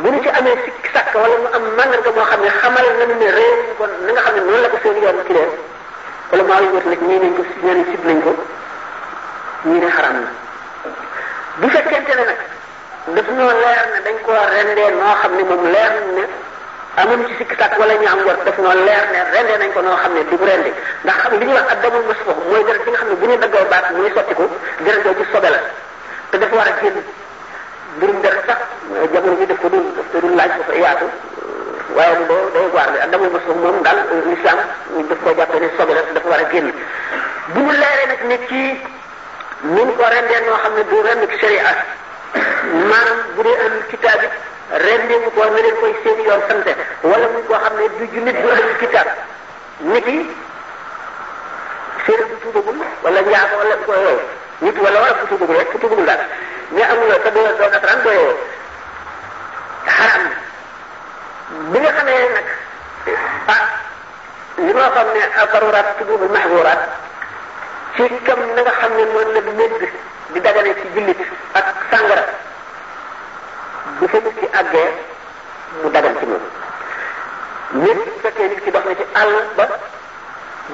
bu ñu ci amee sikk sàkk wala mu am màndarga moo xam ne xamal nañu ne réew mi kon nga xam ne noonu la ko seen yoon ci leen wala maa ngi wër nag ñii nañ ko ñii nañ sib nañ ko ñii ne xaraam na bu fekkente ne nag daf noo leer ne dañ ko rendee noo xam ne moom leer ne amuñ ci sikki sàkk wala ñu am jot daf noo leer ne rendee nañ ko noo xam ne du rendi ndax xam li ñuy wax ak damul mas foofu mooy deret xam ne bu ñu daggoo baat muy sottiku deret boobu la te dafa war a génn mbirum deret sax jamono bi daf ko dul ko dul laaj dafa yaatu waaye bu doo day waar bi ak damul mas foofu moom daal l'islam daf ne sobe la dafa war a génn bu ñu leeree nag ne kii ñu ko rendee noo xam ne du rend ci sharia maanaam bu dee ahlul kitaab it rendee koy seeni yoon wala muy koo xam ne du jullit du ahlul kitaab nit yi séeréer bu tuubagul wala njaako wala ko yow nit wala wala bu tuubagul rek bu tuubagul daal mais amuloo te doo doo nasaraan doo yow xaraam bi ah li ma xam ne abaruraat tuddul mahburaat ci kam na nga xam ne noonu la médd di dagane ci jullit ak sàngara bu fa nit ki àggee mu dagan ci moom nit bu fekkee nit ki dox na ci àll ba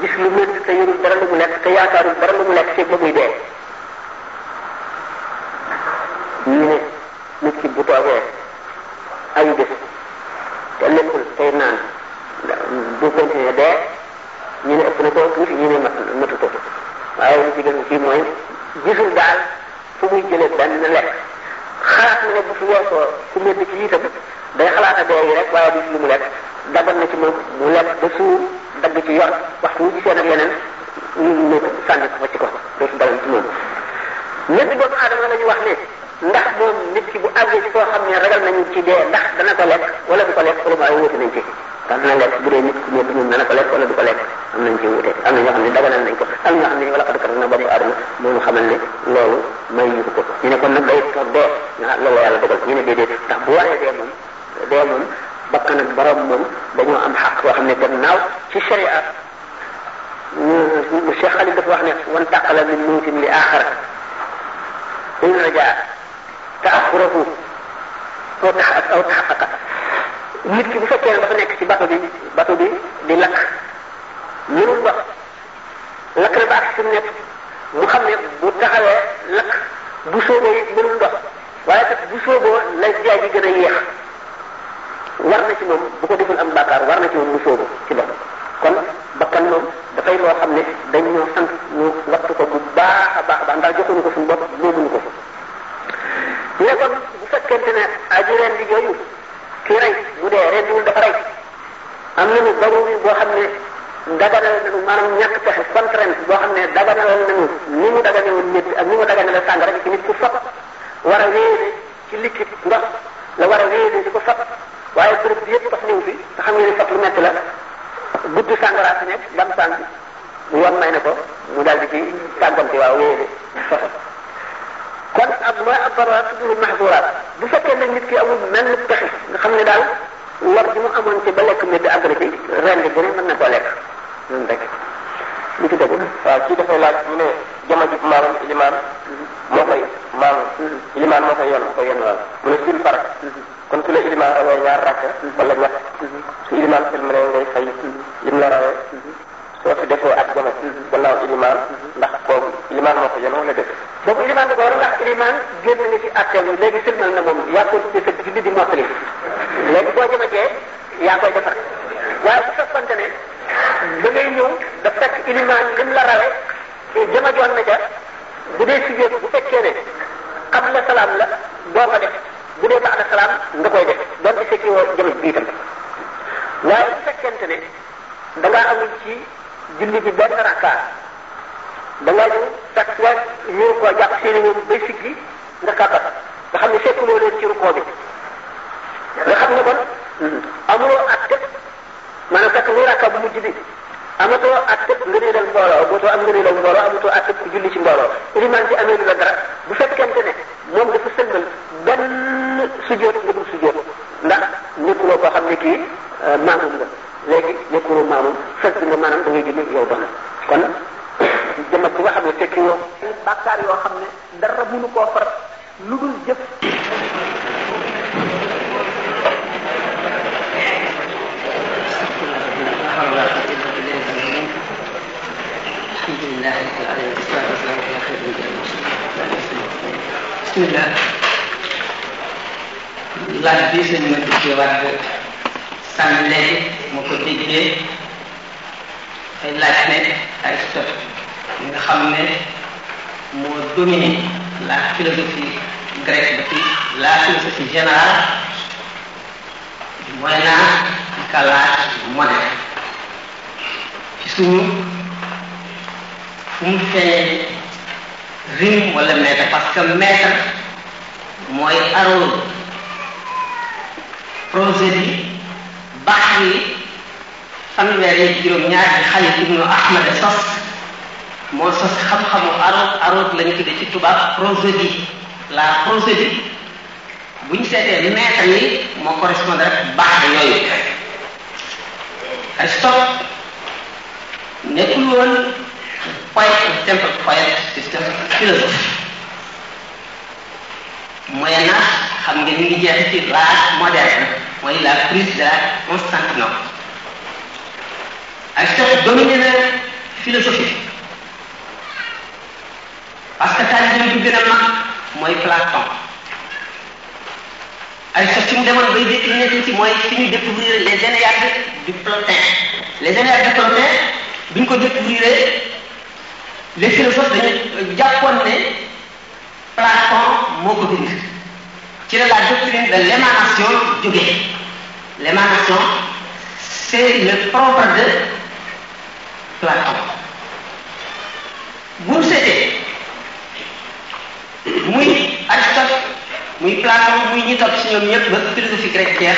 gis lu mel te yorul dara lu mu lekk te yaakaarul dara ba muy dee ñu ne nit ki bu toogee ayu bés te lekkul tey naan bu continuer dee ñu ne ëpp na ko tuuti ñu ne matu ko waaye li ci gën kii mooy gisul daal fu muy jëlee benn lekk xalaat mu ne bu fi weesoo ku mel ni kii itam day xalaata dee yi rek waaye du ci lu mu lekk dabal na ci moom mu lekk ba suur dagg ci yor waxtu wu gisee nag yeneen ñu ne ko sànni ko ci ko dootu dalal ci moom. ñetti doomu aadama la ñu wax ne ndax moom nit ki bu àggee ci koo xam ne ragal nañu ci dee ndax dana ko lekk wala du ko lekk wala mu ay nañ ci. daan na lekk bu dee nit ku nekk moom dana ko lekk wala du ko lekk am nañ ci wute am na ñoo xam ne daganal nañ ko am ñoo xam ne wala xadd na bopp adama moom xamal ne loolu may ñu ko ñu ne kon nag day toog dee nga loolu yàlla dogal ñu ne déedéet ndax bu waree dee moom dee moom bakkan ak borom moom dañoo am xaq boo xam ne gannaaw ci sharia Cheikh Khalid dafa wax ne wan tàqala min mawtin li axara in raja taaxurahu aw tax aw taxaqa nit ki bu fekkee ne dafa nekk ci bato bi bato bi di lakk mënul wax lakk na ba ak si nekk mu xam ne bu taxawee lakk bu sooboo yi mënul ndox waaye kat bu sooboo la jaay ji gën a yéex war na ci moom bu ko deful am bàkkaar war na ci moom mu soobu ci boppam kon bakkan moom dafay loo xam ne dañ ñoo sant ñu wattu ko bu baax baax baax ndax joxuñu ko suñu bopp moomuñu ko fa. mais kon bu fekkente ne aji leen su rey bu dee reddiwul dafa rey am nañu daruri boo xam ne daganal nañu maanaam ñàkk pexe contrainte boo xam ne daganaloon nañu ni mu daganewul nit ak ni mu daganale sàngara ku fab war a ci liquide ndox la war a wéede di ko fab waaye bërëb bi yëpp fas niw fi te xam ngeen lu metti la guddi sàngara fi nekk lam sàng yoon may na ko mu daal di ci tàggante waaw wéede fas kon ab mooy ab barwaat tudd bu fekkee ne nit ki amul benn pexe nga xam ne daal lor ji mu amoon ci ba lekk mbir bi àgg na ci ren bi mën na koo lekk noonu rek li ci dëgg waaw kii dafay laaj ñu ne jama ji maanaam ilimaan moo koy maanaam ilimaan moo koy yoon moo koy yoon waaw mu ne sul farak kon su la ilimaan rawee ñaar rakk wala ñett su ilimaan filmé ngay fay lim rawee soo fi defoo ak jama ci gannaaw iliman ndax boobu iliman moo ko yéen wala def boobu iliman da ko war ndax iliman génn na ci koy ci sa julli di mottali léegi boo jëmatee yaa koy defar waaye bu fekkante ne da ngay ñëw da fekk iliman lim la rawe jama joon na ca bu dee si bu fekkee ne xam la salaam la doo ko def bu dee baax na salaam nga koy def doon ci fekki waaye bu fekkente ne da ngaa ci julli ji benn rakka da ngay fekk nga ñu ko jàpp seen ñoom bay siggi nga kàbbat nga xam ne fekkuloo leen ci rukkoo bi nga xam ne kon amuloo atte maanaam fekk muy rakka bu mujj bi amatoo atte nga ne dal mbooloo bootoo am nga ne dal mbooloo amatoo atte julli ci mbooloo iliman ci amee lu la dara bu fekkente ne moom dafa sëlmal benn sujjóot nga dul sujjóot ndax nekkuloo koo xam ne kii euh, maamum nga léegi nekkul maamam fekk nga maanaam da ngay julli yow doon kon jëm ak ki nga xam ne tekki yoo bàkkaar yoo xam ne dara mënu koo far lu dul jëf bismillah laaj bi sëñ ma duggeewaat sànni léegi moo ko déggee ay laaj ne Aristote mi nga xam ne moo dominé la philosophie grecque depuis la philosophie générale du Moyen Âge jusqu'à l'âge moderne ci suñu fu wala mètre parce que mètre mooy arrose prosodie baax yi fanweer yi juróom-ñaar yi Xalid ibnu Ahmad sos moo sos xam-xamu arot arot lañu tuddee ci tubaab prosodie la prosodie bu ñu seetee mètre yi moo correspondre ak baax yooyu Aristote nekkul woon poète simple poète c'est un philosophe Moyen Âge xam nga ñu ngi jeex ci l'âge moderne mooy la prise de la Constantinople Aristote dominé na philosophie parce que taalibe bi gën a mag mooy Platon Aristote ci mu bay décliné tuuti mooy fi ñu découvrir les Énéades du Plotin les Énéades du Plotin ko découvrir les philosophes dañu jàppoon Platon moo ko bind ci la la de l'émanation jóge l'émanation c'est le propre de Platon buñ seetee muy Aristote muy Platon muy ¿eh? ñi topp si ñoom ñëpp ba philosophie grecque jeex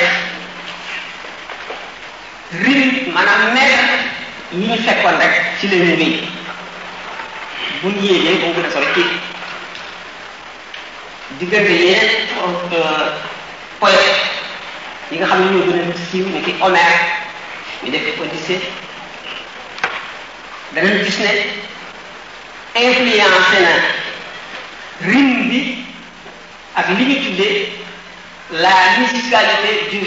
rim maanaam maître yi ñu fekkoon rek ci la ñu wéy buñ yéegee boo gën diggante yeneen euh, poète yi nga xam ne ñoo gën a siiw ni ki Homère ñu def Odyssée danañ gis ne influencé na rime bi ak li ñu tuddee la musicalité du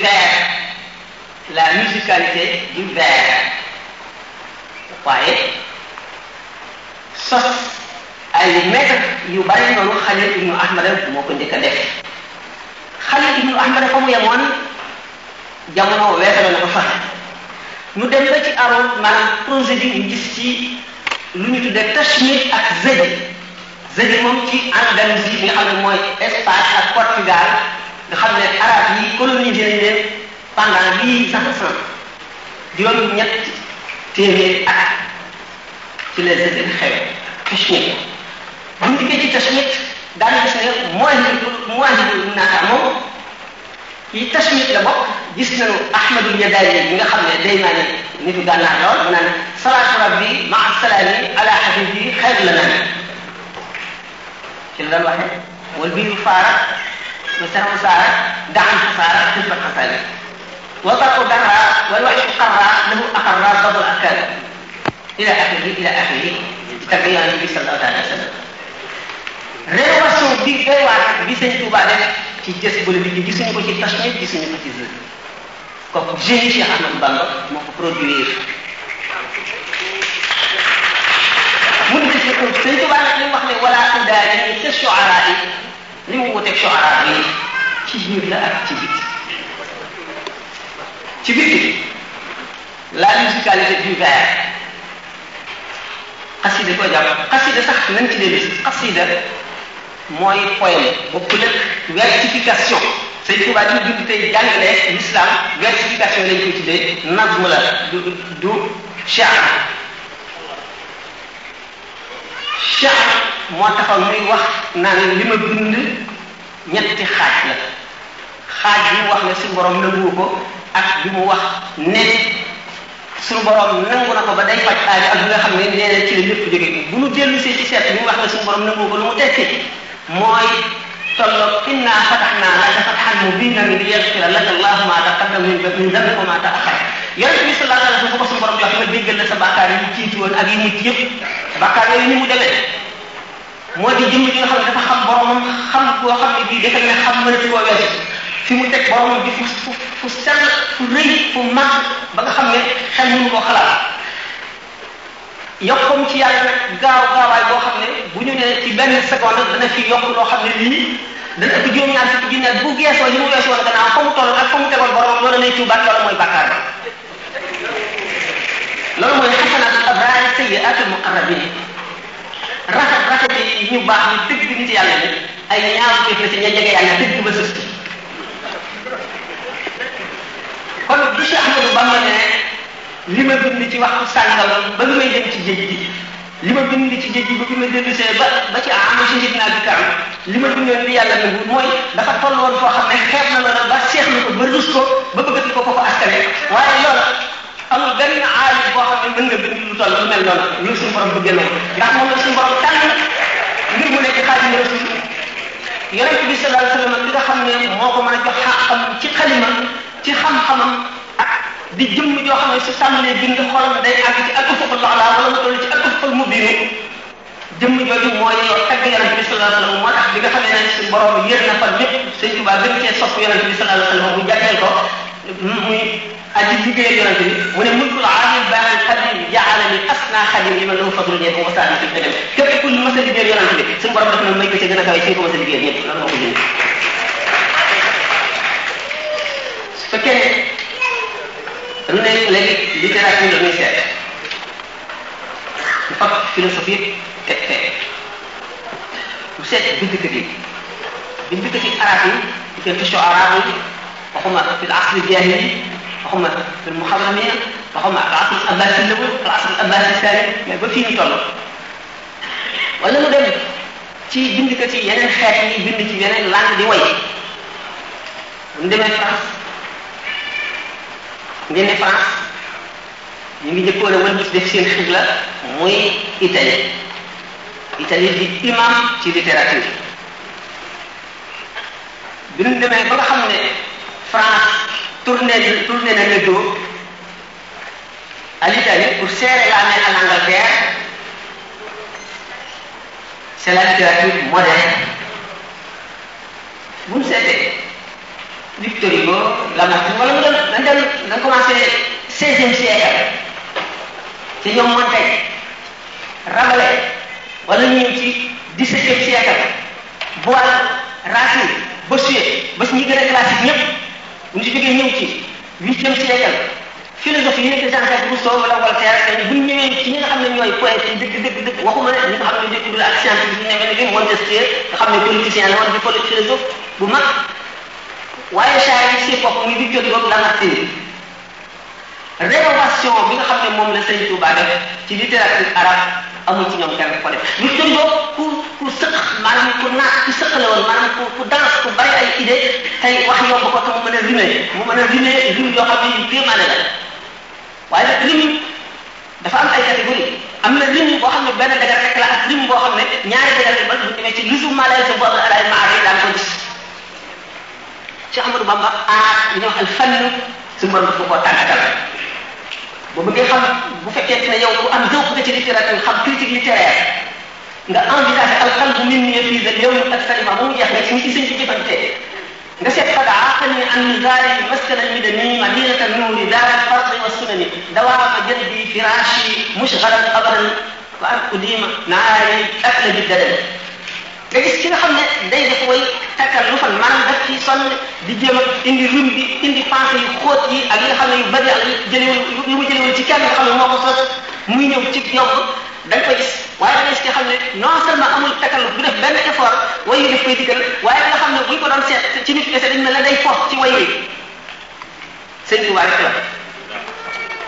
la musicalité du vers sos ay maître yu bari noonu Xalil ibnu moo ko njëkk a def Xalil ibnu Ahmada fa mu yemoon jamono weesala na ko fa ñu dem ba ci aroon maanaam projet bi ñu gis ci lu ñu tuddee Cachemire ak Zédi Zédi moom ci Andalousie bi nga xam mooy Espagne ak Portugal nga xam le arab yi colonisé nañ leen pendant huit cent ans juróom ñett téeméeri at ci les Zédi xew Cachemire bu ñu dikkee ci tasmit daañu gis ne mooy mooy na moom ci tasmit la bokk gis nañu Ahmadul Yadaali bi nga xam ne day naa ne nitu gànnaar lool mu naan salaatu rabbi maa salaami ala habibi xayr la naan ci la doon waxee wal biiru faara wa sarfu saara daan fa saara xilfa xasaali wa barku dara wal waxyu qarra lahu aqarra babu akkaari ila axiri ila axiri tagg yoon bi sallallahu alayhi wa sallam révélation bi doy waar bi sëñ Touba def ci jës bële bi gisuñu ko ci tashmit gisuñu ko ci zël kooku génie Cheikh Ahmadou Bamba moo ko produire mu di ci ko sëñ Touba nag li mu wax ne wala indaari ni te shuara yi li mu wuteeg shuara yi ci biir la ak ci biti ci biti la musicalité du vers xasida ko jàpp xasida sax nañ ci dellu xasida mooy poème bokkul ak versification sëñ Tuba di dugg tey jàngale l'islam versification lañ koy tuddee nazm la du du sha'r sha'r moo taxaw muy wax naan li ma bind ñetti xaaj la xaaj bi mu wax ne suñu borom nangu ko ak bi mu wax ne suñu borom nangu ko ba day faj aajo ak bi nga xam ne nee na ci la lépp jóge bu nu dellu see ci seet bi mu wax ne suñu borom nangu ko lu mu tekki mooy tolloog innaa fatahnaa laka fathan mubiinan liyaghfira laka Allahu maa taqaddama min dhanbika wa maa ta'akhkhara yonent bi sallallahu alayhi wasallam ko suñu borom jox nga déggal la sa bàkkaar yi jiitu woon ak yi mujj yëpp bàkkaar yooyu ni mu demee moo di jëmm ji nga xam ne dafa xam boromam xam koo xam ne bii defe ne xam mën ci koo weesu fi mu teg boromam bi fu fu fu sell fu rëy fu mag ba nga xam ne xel mënu koo xalaat yokkum ci yàlla nag gaaw gaawaay boo xam ne bu ñu nee ci benn seconde dana fi yokk loo xam ne lii dana ëpp juróom-ñaar fukki junne bu geesoo li mu weesu woon gannaaw fa mu toll ak fa mu tegoon borom loolu lay tuubaat loolu mooy bàkkaar ba loolu mooy xasanatul abraar sayyiatul muqarrabin rafet rafet yi ñu baax ñu dëgg di nit yàlla ni ay ñaaw kéef la ci ña jege yàlla dëgg ba suuf si kon du si ne li ma bind ci waxtu sàngalam ba bi may ci géej gi li ma bind ci géej gi ba bi ma ba ba ci am shahid naa bi li ma bindoon li yàlla nangu mooy dafa toll woon foo xam ne xeeb na loola ba seexlu ko ba rus ko ba bëggati ko ko ko askane waaye loola amul benn aalim boo xam ne mën nga bind lu toll lu mel noonu loolu suñu la suñu borom tànn ngir mu nekk xaalis na rasul yonent bi sallallahu alayhi wa sallam bi ne moo ko mën a jox xaqam ci xalima ci xam-xamam ak di jëmm joo xam ne su sàmmlee bind xolam day àgg ci ak fukk loxlaa wala mu toll ci ak fukk mu biiru jëmm jooju mooy tagg yonente bi sallallahu alayhi wa sallam moo tax bi nga xam ne suñu borom yër na fa lépp sëñ Tuubaa gën cee sopp yonente bi sallallahu alayhi wa sallam mu jàppee ko muy aji liggéey yonente bi mu ne mulkul aalim baaxal xadim jaalani asna xadim li ma lahu fadlu ñeeko wasaana fi dëggal képp ku mas a liggéey yonente bi suñu borom daf na may ko ci gën a kawe ci ko mas a liggéey ñëpp loolu moo ko jënd su fekkee dañu ne léegi littérature la ñuy seet du fab philosophie teg fee bu seet bindkat yi bindkat yi arab yi diggante soo arab yi waxuma fil asri jaahili waxuma fil muharramiya waxuma al asri al abbasi al awwal al asri al abbasi thani mais ba fii ñu toll wala mu dem ci bindkat yi yeneen xeet yi bind ci yeneen langue di way bu ñu demee France ngeen di France ñu ngi njëkkoon a wëlbati def seen xibla muy Italie Italie di imam ci littérature bi ñu demee ba nga xam ne France tourné tourné na le dos à l'Italie la main à l'Angleterre c'est la littérature bu ñu Victor Hugo Lamartine wala mu doon dañ dem dañ commencé seizième siècle ci ñoom Montaigne Rabelais wala ñu ci dix-septième siècle Boileau Racine Bossuet ba si ñi gën a classique ñëpp bu ñu jógee ñëw ci huitième siècle philosophie yi nekk Jean-Jacques Rousseau wala Voltaire bu ñu ñëwee ci ñi nga xam ne ñooy poète yi dëgg dëgg dëgg waxuma ne ñi nga xam ne dëgg la ak scientifique yi ne mel ni Montesquieu nga xam ne politicien la woon di philosophe bu mag waaye saa yi si bopp muy di jot la nattin rénovation bi nga xam ne moom la Sëriñ Tuubaa def ci littérature arabe amul ci ñoom kenn ko def ñu jot boobu ku ku sëq maanaam ku naat ku sëq ku ku danse bari ay idée tey wax yomb ko te mu mën a rime mu mën a rime rime yoo xam ne yu kéemaane la waaye nag rime dafa am ay catégorie am na rime boo xam ne benn dagar rek la ak rime xam ne ñaari dagar ba ñu demee ci lisum malaise boobu alaay maari daan ko gis Cheikh Amadou Bamba aar li ñuy wax al fannu suñu borom dafa koo tàggatal boo bëggee xam bu fekkee ne yow bu am dëw nga ci littérature xam critique littéraire nga envisagé al qalbu min ni fii dal yow ak salima ba mu jeex nga ci ñi ci sëñ bi jëfante nga seet fa daa xam ne an zaari maskana mi de nii madinatan nuuri daaral fardi wa sunani dawaama jëndi firaashi mushgalan abadan wa an udima naari ak la bi dalal nga gis ki nga xam ne day def way takkal lu fan maanaam daf di jéem a indi rum bi indi pensée yu xóot yi ak yi nga xam ne yu bëri ak yu mu jëlewul ci kenn xam ne moo ko sos muy ñëw ci yomb da nga koy gis waaye da nga gis ki xam ne non seulement amul takkal du def benn effort way yi daf koy digal waaye nga xam ne bu ñu ko doon seet ci nit a dañ ne la day foof ci way yi sëñ bi waa rek la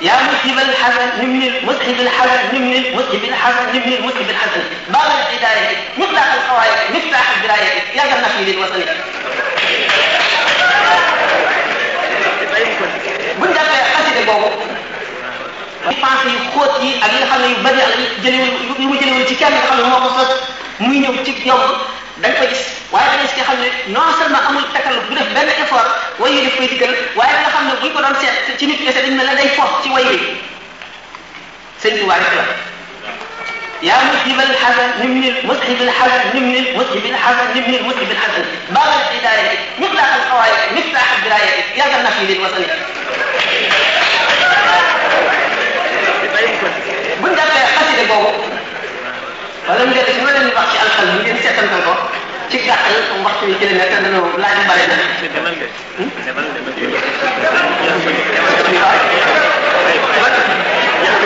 yaa musib alxasan nimlil musib alxasan nimlil musib alxasan nimlil musib alxasan baagal hidaayati miftaax alxawaayati miftaax aldirayati yàggal na fi lil wasani buñ jàppee xaside boobu pensée yu xóot yi ak yi nga xam ne yu bëri la jëlewul yu mu jëlewul ci kenn nga xam ne moo ko sos muy ñëw ci yomb da nga fa gis waaye da nga gis nga xam ne non seulement amul takkal bu def benn effort way yi def koy diggal waaye nga xam ne buñ ko doon seet ci nit kese dañ ne la day foof ci way yi sëñ bi waa rek la yaa mushibal xasan nimnil mushibil xasan nimnil mushibil xasan nimnil mushibil xasan baagal idaaya ñëpp laa xam xawaay ñëpp laa xam biraaya yàggal na fi leen wasani buñ jàppee xaside boobu wala mu def ci ma leen di wax ci alxal bi ngeen seetantal ko ci gàttal comme waxtu bi ci la nekk dana laaj bari na.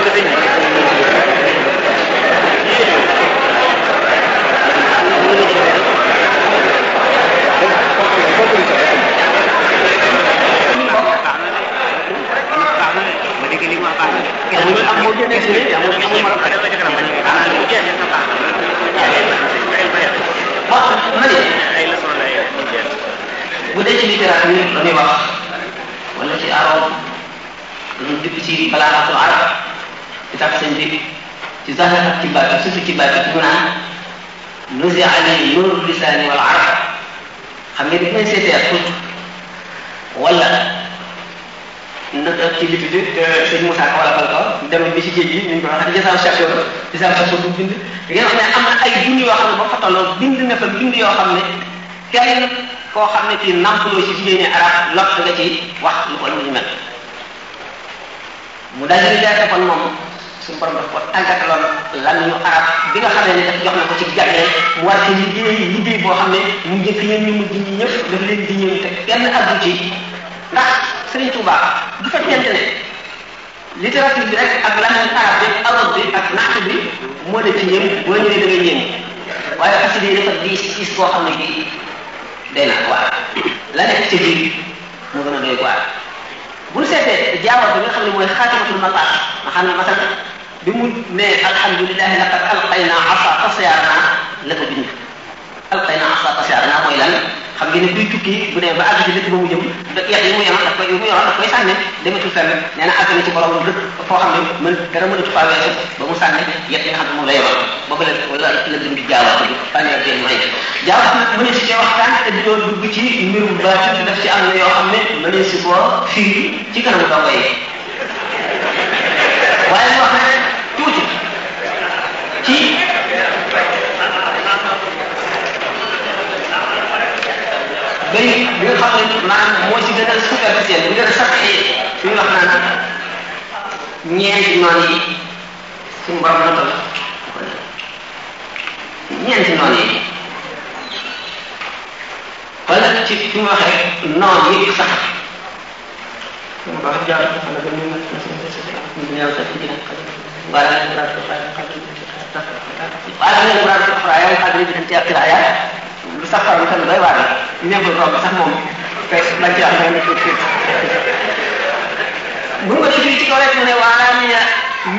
demal hmm? li nga wax baax na. moo gën a gis ne amul morom a def ah lu jeex na baax na. ay leçon lay bu dee ci littérature dañuy wax wala ci arab dañu dëkk ci balaaxatu arab ci tax seen bi ci zahir ak ci baatin surtout ci baatin mu naan nuzi ali nur lisaani wal arab xam nga dafay seetee ak wala. nag ci libi bi euh, sëñ Moussa Ka wala Balka bi ci géej gi ñu ko waxee a station la di station bu bind da xam ne am na bind xam ne ba fa tolloon bind na fa bind yoo xam ne kenn koo xam ne kii nampaloo ci jigéeni arab lot nga ci wax lu ko lu mel mu daal di jaay kon moom su borom daf ko tàggataloon lan ñu arab bi nga xam ne daf jox na ko ci jagleel mu war ci liggéey liggéey boo xam ne ñu njëkk ñeen ñu mujj ñi ñëpp daf leen di ñëw te kenn addu ci ndax Serigne Touba bu fekkente ne littérature bi rek ak langue arab bi arab bi ak naq bi moo def ci yéen boo ñëwee da ngay yéen waaye xasida yi dafa diis diis boo xam ne bii day la nekk ci biir moo gën a doy waar bu ñu seetee jaawar bi nga xam ne mooy xaatimatul mataar nga xam ne masal bi mu nee alhamdulilahi laqad alqayna asa tasyarna la ko alqay na asla tasaarna mooy lan xam ngeen ne kuy tukki bu dee ba àgg ci dëkk ba mu jëm dëkk yeex yi mu yoroon koy yi mu yoroon daf koy sànni dematul fenn nee na àgg na ci borom dëkk foo xam ne mën dara mënatu faa weesu ba mu sànni yeex yi nga xam ne moom la yoroon ba ko la la dem di jaawaat bi fanweer benn may jaawaat nag mënees si cee waxtaan te di doon ci mbirum baatin ci am na yoo xam ne mënees si boo fii ci kanamu dongo yi waaye wax na tuuti rëy bi nga xam ne maanaam moo ci gën a superficiel bi gën a saxee suñu wax naan ñeenti noonu yi suñu borom nattal ñeenti noonu yi wala ci fi mu waxee noonu yi sax ولا lu sax xaram tamit doy waar la néew ba sax moom fekk lañ ci wax mooy nekk fii mun nga ci ci kaw rek mu ne waaraa mi ne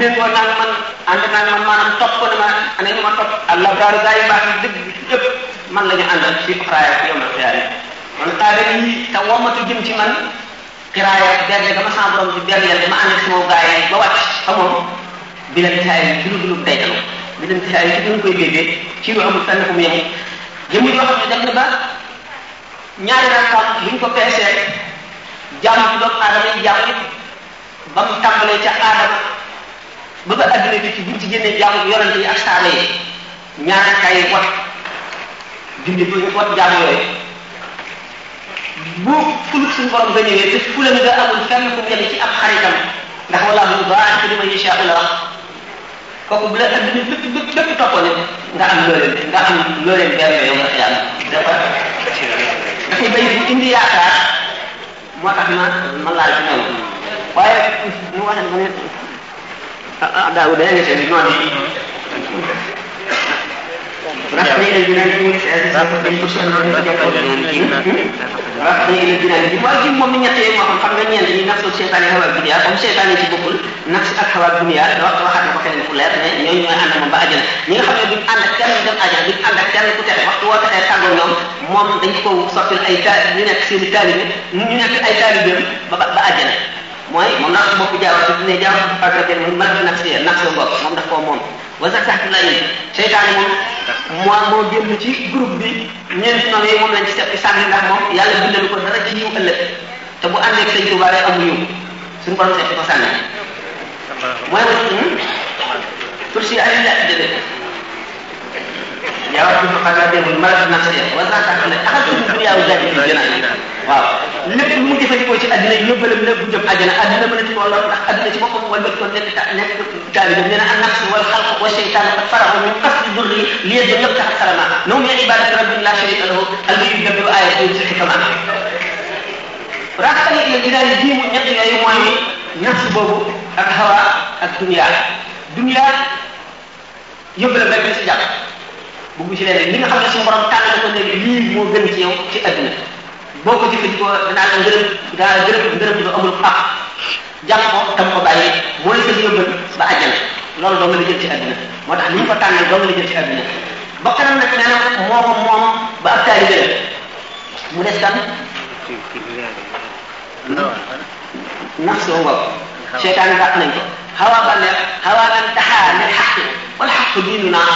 méngoo naa nga man ànd naa nga man maanaam topp na ma ana ñu ma topp allah daal gaa yi baax yi dëgg yëpp man la ñu àndal ci xaraaya yow na xiyaar yi man taare yi te womatu jëm ci man xiraaya berle dama sama borom bi berleel dama ànd ak sama gaa yi ba wàcc fa moom bi leen xiyaar yi dulu dulu daytalu bi leen xiyaar yi ci duñ koy déggee ci lu amul fenn fu mu yem jëmm yoo xam ne dem na ba ñaari rakkaam luñ ko peesee jaamu ci doomu aadama yi jaamu ba mu tàmbalee ca aadama ba ba adduna bi ci buñ ci génnee jaamu yonante yi ak saaba yi ñaari kay wat dindi ko ñu wat jaamu yooyu bu fulub suñu borom nga ñëwee te fulam nga amul fenn ku ñëwee ci ab xaritam ndax wallaahu yudaa'ifu liman yashaa'u kooku bu la adduna bépp bépp bépp toppoon nga am loo leen nga am loo leen benn yow nga xiyam dafa dafay bay bu indi yaakaar moo tax ma ma laal ci noonu waaye mu waxee ma ne ah ah daaw dana ñetteel noonu رفضي إلى الجنان رفضي إلى الجنان bi waaw jim moom mi ñett yooyu moo xam xam nga ñeent ñi nafsu seytaane xawa dunya ci bokkul nafs ak xawa dunya wax waxaat na ko feneen fu leer ne ñooñu ñooy ànd moom ba àjjana ñi nga xam ne duñ ànd ak kenn dem àjjana duñ ànd ak kenn ku texe waxtu woo texee tàggoo ñoom moom dañ ko soppil ay taal seen taalibe ñu nekk ay taalibeem ba ba àjjana mooy moom nafsu bopp jaawa su dine jaawa fakkate mooy malak nafsiya nafsu bopp moom daf koo moom wasakatu la yi seytaane moom moo moo génn ci groupe bi ñeenti e yi moom lañ ci seppi sànni ndax moom yàlla bindalu ko dara ci yiw ëllëg te bu àndeeg sëñ Tuubaa rek amul yiw suñu borom seppi ko sànni mooy kursi hmm? ay la dédé jaawa du fakkate mooy malak nafsiya wasakatu la axatu duniyaaw gadi bi jënaa waaw lépp mu jëfandikoo ci àddina yóbbalam la bu jëm àjjana àddina mën a ci wàllu ndax àddina ci boppam wala ko nekk ta nekk taali daf nee na an nafs wal xalq wa seytaan qad faraxu min qasdi durri li yëg yëpp tax salama noom min ibadati rabbin la sharika lahu almuyu dabbiru ayatin si xikama raaxal yi dinaa ne jiimu ñett yooyu mooy nafs boobu ak hawa ak dunia dunia yóbbalam rek la si jàpp bëgg ci leneen li nga xam ne suñu borom tànn ko ne lii moo gën ci yow ci àddina boo ko jëfandikoo danaa la ngërëm danaa la gërëm ngërëm ci lu amul xaq jàpp ko tam ko bàyyi mooy sa yóbbal ba àjjana loolu doo nga la jël ci àddina moo tax ni ñu ko tànnal doo nga la jël ci àddina ba kanam nag nee na moo ko moom ba ab taalibe la mu des kan nafsu waaw seytaan dàq nañ ko xawaa bànneex xawaa an taxaa min xaqi wal xaq diinu naa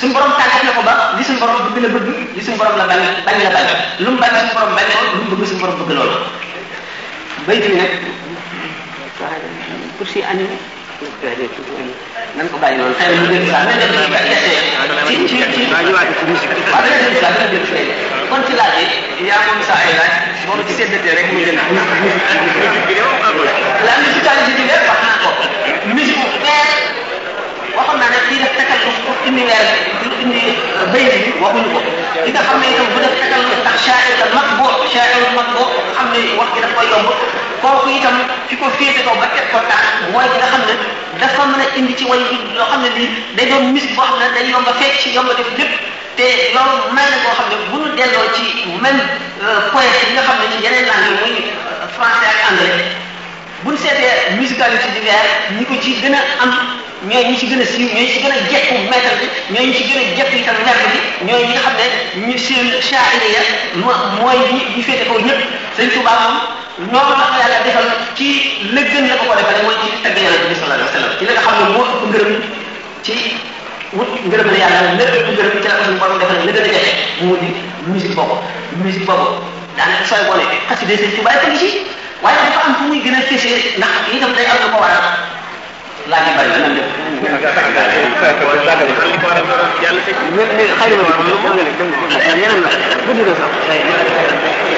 suñu borom tàggat na ko ba li suñu borom bëgg la bëgg li suñu borom la bañ bañ la bañ lu mu bañ suñu borom bañ loolu lu mu bëgg suñu borom bëgg loolu bayt bi nag kursi animé nan ko bàyyi noonu xëy na mu dégg sax nan def ci ci ci waaw dana dégg sax dana dégg fay kon ci laaj yi yaa moom sa ay laaj moom ci séddate rek mu gën la musique bi wax naa ko musique waxoon naa ne kii def takalluf pour indi weer pour indi euh, béy bi waxuñu ko ki nga xam ne itam bu def takalluf ndax shaa'ir la mag boo shaa'ir mag boo xam ne wax gi daf koy yomb kooku itam fi ko féete ko ba teg ko taal mooy ki nga xam ne dafa mën a indi ci way bi loo xam ne lii day doon mis boo xam ne day yomb a fekk ci yomb a def lépp te loolu mel na boo xam ne bu ñu delloo ci même euh, poète yi nga xam ne ci yeneen langue yi muy euh, français ak anglais buñ seetee musicalité di weer ñi ko ci gën a am ñooy ñi ci gën a siiw ñooy ñi ci gën a jekku maître bi ñooy ñi ci gën a jekku itam nerf bi ñooy ñi nga xam ne ñu seen chaahiri ya mooy ñi féete kaw ñëpp sëñ Tuba moom noonu ko yàlla defal ci la gën la ko ko defal mooy ci tagg yàlla bi sallallahu alayhi wa sallam ci la nga xam ne moo ëpp ngërëm ci wut ngërëm la yàlla la ëpp ngërëm ci la ko suñu borom defal la gën a jafe mu di musique boobu musique boobu daanaka sooy boole xasida sëñ Tuba ci waaye dafa am fu muy gën a fésee ndax li def day am lu ko waral laaj yu bëri la. yàlla